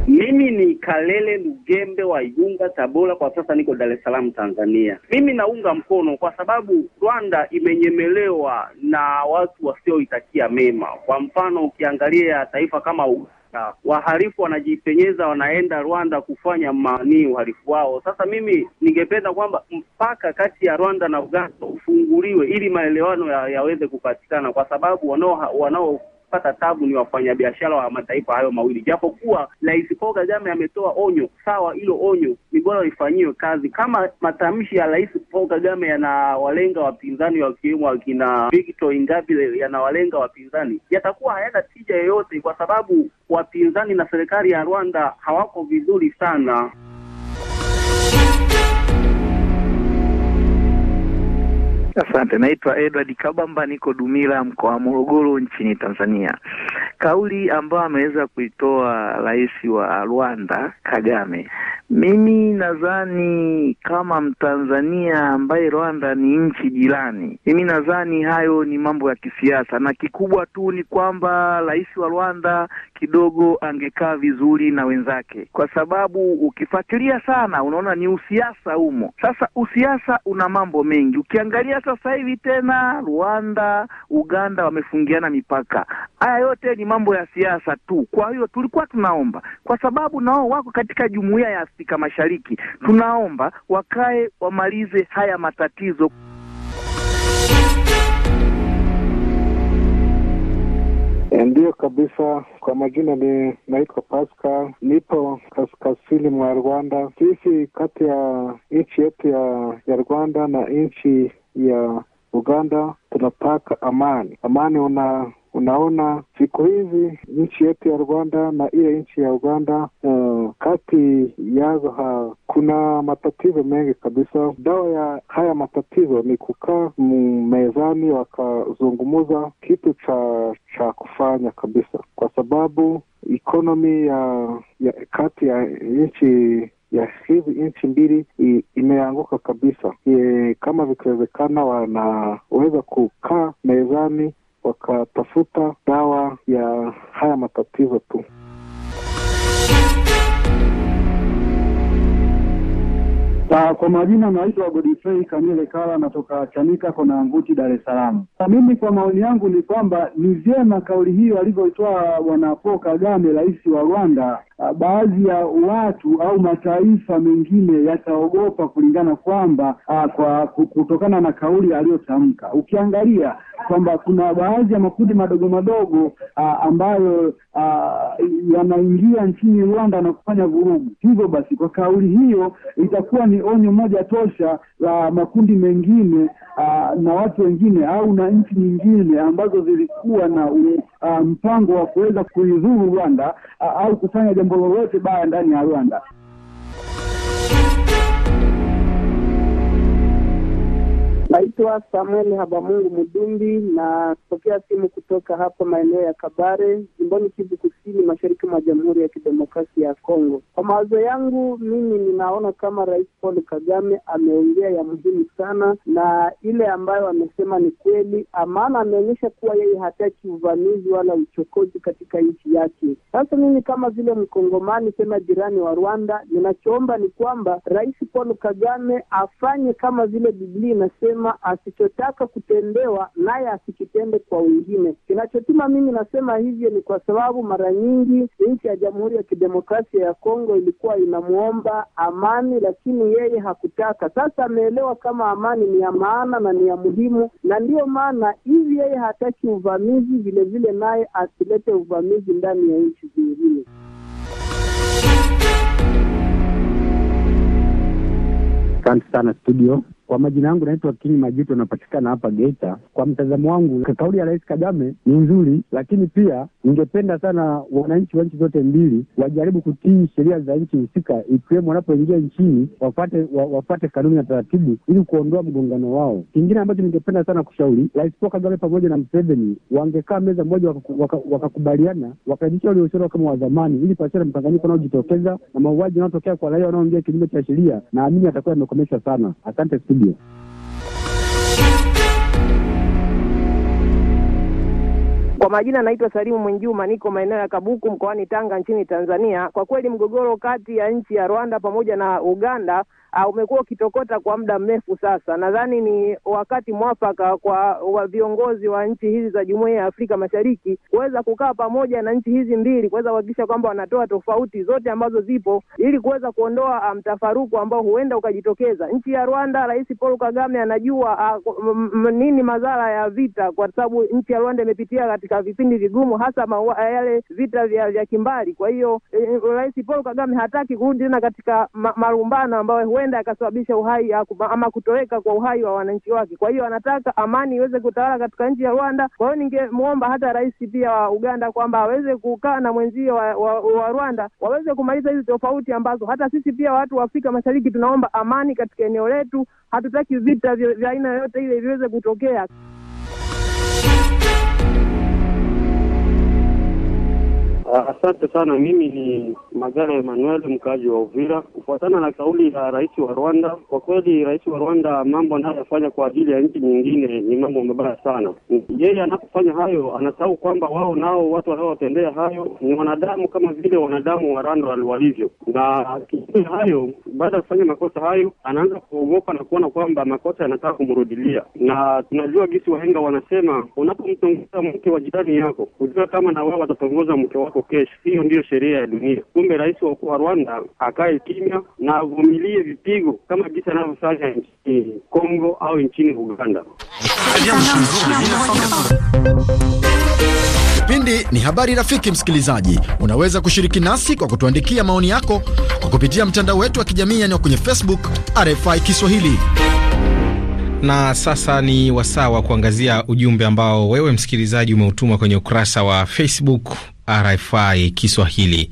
Mimi ni Kalele Lugembe wa Igunga, Tabora. Kwa sasa niko Dar es Salaam, Tanzania. Mimi naunga mkono kwa sababu Rwanda imenyemelewa na watu wasioitakia mema. Kwa mfano, ukiangalia taifa kama wahalifu wanajipenyeza, wanaenda Rwanda kufanya manii uhalifu wao. Sasa mimi ningependa kwamba mpaka kati ya Rwanda na Uganda ufunguliwe ili maelewano yaweze ya kupatikana, kwa sababu wanao wanao kupata tabu ni wafanyabiashara wa mataifa hayo mawili, japokuwa Rais Paul Kagame ametoa onyo sawa. Hilo onyo ni bora lifanyiwe kazi. Kama matamshi ya Rais Paul Kagame yanawalenga wapinzani, wakiwemo wakina Victor Ingabire, yanawalenga wapinzani, yatakuwa hayana tija yoyote, kwa sababu wapinzani na serikali ya Rwanda hawako vizuri sana. Asante, naitwa Edward Kabamba, niko Dumila, mkoa wa Morogoro, nchini Tanzania. Kauli ambayo ameweza kuitoa rais wa Rwanda Kagame, mimi nadhani kama Mtanzania ambaye Rwanda ni nchi jirani, mimi nadhani hayo ni mambo ya kisiasa, na kikubwa tu ni kwamba rais wa Rwanda kidogo angekaa vizuri na wenzake, kwa sababu ukifuatilia sana unaona ni usiasa humo. Sasa usiasa una mambo mengi, ukiangalia mpaka sasa hivi tena Rwanda, Uganda wamefungiana mipaka. Haya yote ni mambo ya siasa tu. Kwa hiyo tulikuwa tunaomba, kwa sababu nao wako katika jumuiya ya Afrika Mashariki, tunaomba wakae wamalize haya matatizo. Eh, Ndiyo kabisa. Kwa majina ni naitwa Pascal, nipo kaskazini mwa Rwanda. Sisi kati ya nchi yetu ya, ya Rwanda na nchi ya Uganda tunataka amani. Amani una unaona siku hizi nchi yetu ya Rwanda na ile nchi ya Uganda uh, kati yazo ha, kuna matatizo mengi kabisa. Dawa ya haya matatizo ni kukaa mezani, wakazungumuza kitu cha cha kufanya kabisa, kwa sababu ikonomi ya, ya kati ya nchi ya hizi nchi mbili imeanguka kabisa. E, kama vikiwezekana, wanaweza kukaa mezani wakatafuta dawa ya haya matatizo tu. Uh, kwa majina naitwa Godfrey Kamile Kala, natoka Chanika kona nguti Dar es Salaam. Mimi kwa maoni yangu ni kwamba ni vyema kauli hiyo alivyoitoa bwana Paul Kagame, rais wa Rwanda. Ah, baadhi ya watu au mataifa mengine yataogopa kulingana kwamba ah, kwa kutokana na kauli aliyotamka, ukiangalia kwamba kuna baadhi ya makundi madogo madogo a, ah, ambayo yanaingia nchini Rwanda na kufanya vurugu. Hivyo basi kwa kauli hiyo itakuwa ni ni onyo moja tosha la makundi mengine uh, na watu wengine au na nchi nyingine ambazo zilikuwa na uh, mpango wa kuweza kuidhuru Rwanda uh, au kufanya jambo lolote baya ndani ya Rwanda. Naitwa Samuel Habamungu Mudumbi na tokea simu kutoka hapa maeneo ya Kabare, jimboni Kivu Kusini, mashariki mwa Jamhuri ya Kidemokrasia ya Kongo. Kwa mawazo yangu mimi, ninaona kama Rais Paul Kagame ameongea ya muhimu sana, na ile ambayo amesema ni kweli, maana ameonyesha kuwa yeye hataki uvamizi wala uchokozi katika nchi yake. Sasa mimi kama vile Mkongomani, tena jirani wa Rwanda, ninachoomba ni kwamba Rais Paul Kagame afanye kama vile Biblia inasema asichotaka kutendewa naye asikitende kwa wengine. Kinachotuma mimi nasema hivyo ni kwa sababu mara nyingi nchi ya Jamhuri ya Kidemokrasia ya Kongo ilikuwa inamwomba amani, lakini yeye hakutaka. Sasa ameelewa kama amani ni ya maana na ni ya muhimu, na ndiyo maana hivi yeye hataki uvamizi, vilevile naye asilete uvamizi ndani ya nchi zingine. Asante sana studio. Kwa majina yangu naitwa King Majuto, anapatikana hapa Geita. Kwa mtazamo wangu, kauli ya Rais Kagame ni nzuri, lakini pia ningependa sana wananchi wa nchi zote mbili wajaribu kutii sheria za nchi husika, ikiwemo wanapoingia nchini wafate, wa, wafate kanuni na taratibu ili kuondoa mgongano wao. Kingine ambacho ningependa sana kushauri Rais Paul Kagame pamoja na Mseveni wangekaa meza moja wakakubaliana, waka, waka wakarejesha ule uhusiano kama wa zamani, ili pasiwe na mkanganyiko unaojitokeza na mauaji yanayotokea kwa raia wanaoingia kinyume cha sheria. Naamini atakuwa yamekomeshwa sana. Asante studio. Kwa majina naitwa Salimu Mwinjuma, niko maeneo ya Kabuku mkoani Tanga nchini Tanzania. Kwa kweli mgogoro kati ya nchi ya Rwanda pamoja na Uganda Ah, umekuwa ukitokota kwa muda mrefu sasa. Nadhani ni wakati mwafaka kwa wa viongozi wa nchi hizi za Jumuiya ya Afrika Mashariki kuweza kukaa pamoja na nchi hizi mbili kuweza kuhakikisha kwamba wanatoa tofauti zote ambazo zipo ili kuweza kuondoa ah, mtafaruku ambao huenda ukajitokeza. Nchi ya Rwanda, Rais Paul Kagame anajua ah, m, nini madhara ya vita, kwa sababu nchi ya Rwanda imepitia katika vipindi vigumu, hasa eh, yale vita vya, vya kimbali. Kwa hiyo e, Rais Paul Kagame hataki kurudi tena katika ma, marumbano ambayo huenda huenda akasababisha uhai ama kutoweka kwa uhai wa wananchi wake. Kwa hiyo anataka amani iweze kutawala katika nchi ya Rwanda. Kwa hiyo ningemwomba hata rais pia wa Uganda kwamba aweze kukaa na mwenzio wa, wa, wa Rwanda waweze kumaliza hizi tofauti ambazo hata sisi pia watu wa Afrika Mashariki tunaomba amani katika eneo letu. Hatutaki vita vya aina yoyote ile viweze kutokea. Asante sana. Mimi ni Magara Emmanuel, mkaaji wa Uvira. Kufuatana na kauli ya rais wa Rwanda, kwa kweli rais wa Rwanda mambo anayoyafanya kwa ajili ya nchi nyingine ni mambo mabaya sana. Yeye anapofanya hayo, anasahau kwamba wao nao watu wanaowatendea hayo ni wanadamu kama vile wanadamu wa Rwanda walivyo, na kinyume hayo, baada ya kufanya makosa hayo, anaanza kuogopa na kuona kwamba makosa yanataka kumrudilia, na tunajua gisi wahenga wanasema, unapomtongoza mke wa jirani yako, hujua kama na wao watatongoza mke wako yako kesho. Hiyo ndiyo sheria ya dunia. Kumbe rais wa Rwanda akae kimya na avumilie vipigo kama jinsi anavyofanya nchini Kongo au nchini Uganda. Kipindi ni habari. Rafiki msikilizaji, unaweza kushiriki nasi kwa kutuandikia maoni yako kwa kupitia mtandao wetu wa kijamii, yaani kwenye Facebook RFI Kiswahili. Na sasa ni wasaa wa kuangazia ujumbe ambao wewe msikilizaji umeutuma kwenye ukurasa wa Facebook RFI Kiswahili.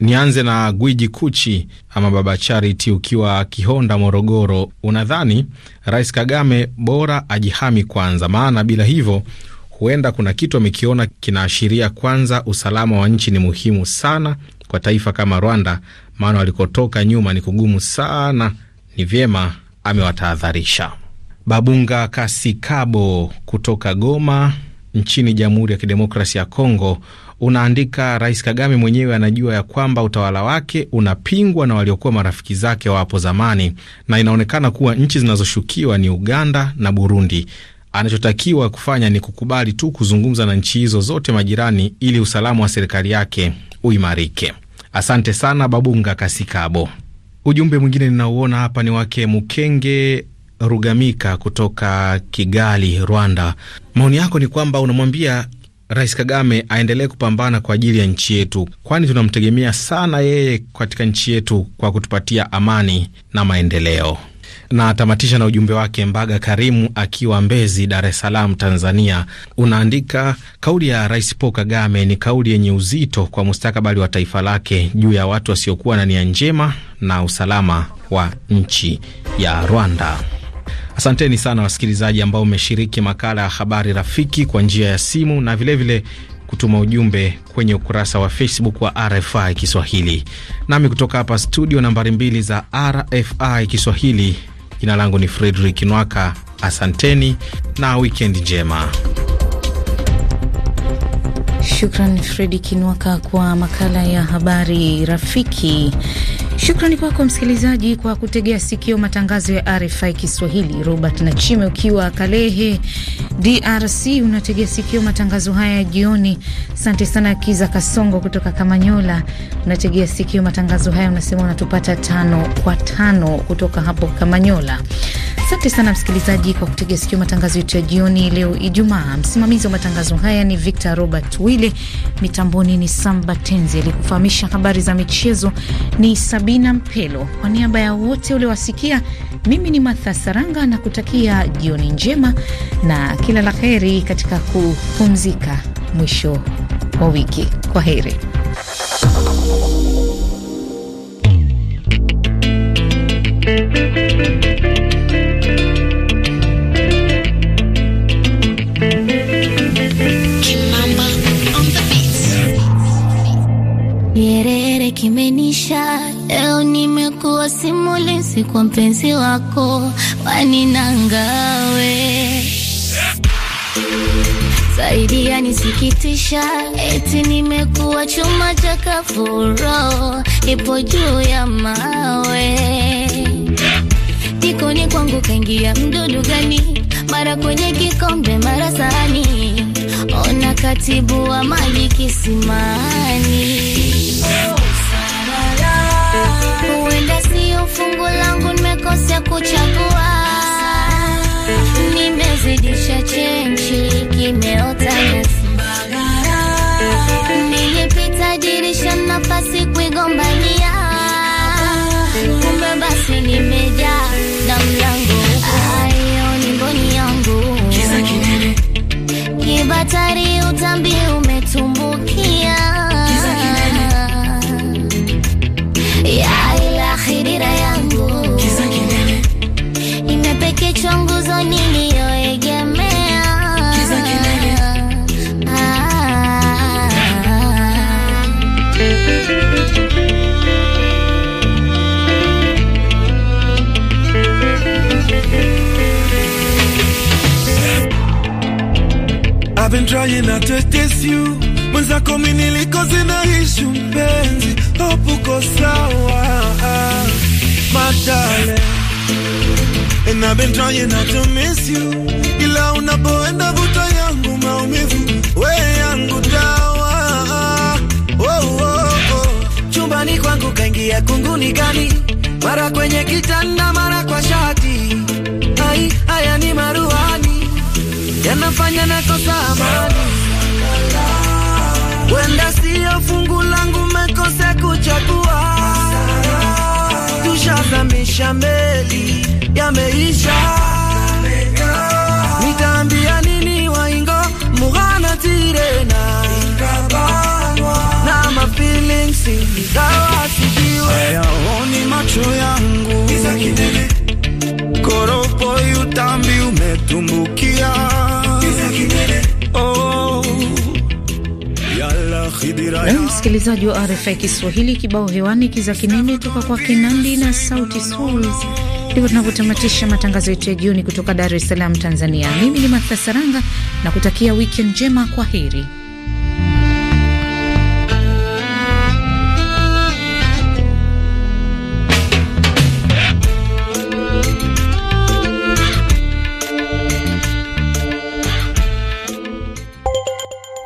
Nianze na Gwiji Kuchi ama Baba Charity, ukiwa Kihonda, Morogoro. Unadhani Rais Kagame bora ajihami kwanza, maana bila hivyo huenda kuna kitu amekiona kinaashiria. Kwanza, usalama wa nchi ni muhimu sana kwa taifa kama Rwanda, maana walikotoka nyuma ni kugumu sana. Ni vyema amewatahadharisha. Babunga Kasikabo kutoka Goma nchini Jamhuri ya Kidemokrasia ya Kongo unaandika, Rais Kagame mwenyewe anajua ya kwamba utawala wake unapingwa na waliokuwa marafiki zake wa hapo zamani, na inaonekana kuwa nchi zinazoshukiwa ni Uganda na Burundi. Anachotakiwa kufanya ni kukubali tu kuzungumza na nchi hizo zote majirani ili usalama wa serikali yake uimarike. Asante sana Babunga Kasikabo. Ujumbe mwingine ninauona hapa ni wake Mukenge Rugamika kutoka Kigali, Rwanda. Maoni yako ni kwamba unamwambia Rais Kagame aendelee kupambana kwa ajili ya nchi yetu, kwani tunamtegemea sana yeye katika nchi yetu kwa kutupatia amani na maendeleo. Na atamatisha na ujumbe wake Mbaga Karimu akiwa Mbezi, Dar es Salaam, Tanzania. Unaandika, kauli ya Rais Paul Kagame ni kauli yenye uzito kwa mustakabali wa taifa lake juu ya watu wasiokuwa na nia njema na usalama wa nchi ya Rwanda. Asanteni sana wasikilizaji ambao umeshiriki makala ya habari rafiki kwa njia ya simu na vilevile vile kutuma ujumbe kwenye ukurasa wa Facebook wa RFI Kiswahili. Nami kutoka hapa studio nambari mbili za RFI Kiswahili, jina langu ni Fredrik Nwaka. Asanteni na wikendi njema. Shukran Fredi Kinwaka kwa makala ya habari rafiki. Shukrani kwako msikilizaji kwa kutegea sikio matangazo ya RFI Kiswahili. Robert Nachime ukiwa Kalehe, DRC, unategea sikio matangazo haya ya jioni. Asante sana Kiza Kasongo kutoka Kamanyola, unategea sikio matangazo haya, unasema unatupata tano kwa tano kutoka hapo Kamanyola. Asante sana msikilizaji kwa kutegea sikio matangazo yetu ya jioni leo Ijumaa. Msimamizi wa matangazo haya ni Victor Robert Wille, mitamboni ni Samba Tenzi, alikufahamisha habari za michezo ni sabi Sabina Mpelo. Kwa niaba ya wote uliowasikia, mimi ni Martha Saranga na kutakia jioni njema na kila la heri katika kupumzika mwisho wa wiki. Kwa heri. Nyerere kimenisha leo, nimekuwa simulizi kwa mpenzi wako waninangawe zaidi ya nisikitisha, eti nimekuwa chuma cha kafuro, ipo juu ya mawe jikoni kwangu kaingia mdudu gani? Mara kwenye kikombe, mara sahani ona katibu wa mali kisimani, huenda siyo fungu langu, nimekosea kuchagua, nimezidisha chenchi, kimeota nilipita dirisha, nafasi kuigombania, kumbe basi nimejaa na mlango batari, utambi umetumbukia ya ila akhirira yangu imepekechwa nguzo nini been trying not to test you mwenzako mimi niliko zinaishi mpenzi hopuko sawa madale And I've been trying not to miss you ila unapoenda vuta yangu maumivu we yangu dawa oh, oh, oh. Chumbani kwangu kaingia kunguni gani mara kwenye kitanda nafanya na kosa amani, wenda sio fungu langu, mekose kuchagua. Tushazamisha meli ya meisha, nitaambia nini waingo mugana tirena na mafilings hayaoni macho yangu koropo yutambi umetumbukia Msikilizaji wa RFI Kiswahili, kibao hewani kiza kinene toka kwa Kenandi na Sauti Souls. Ndivyo tunavyotamatisha matangazo yetu ya jioni kutoka Dar es Salaam, Tanzania. Mimi ni Martha Saranga na kutakia wikendi njema. Kwa heri.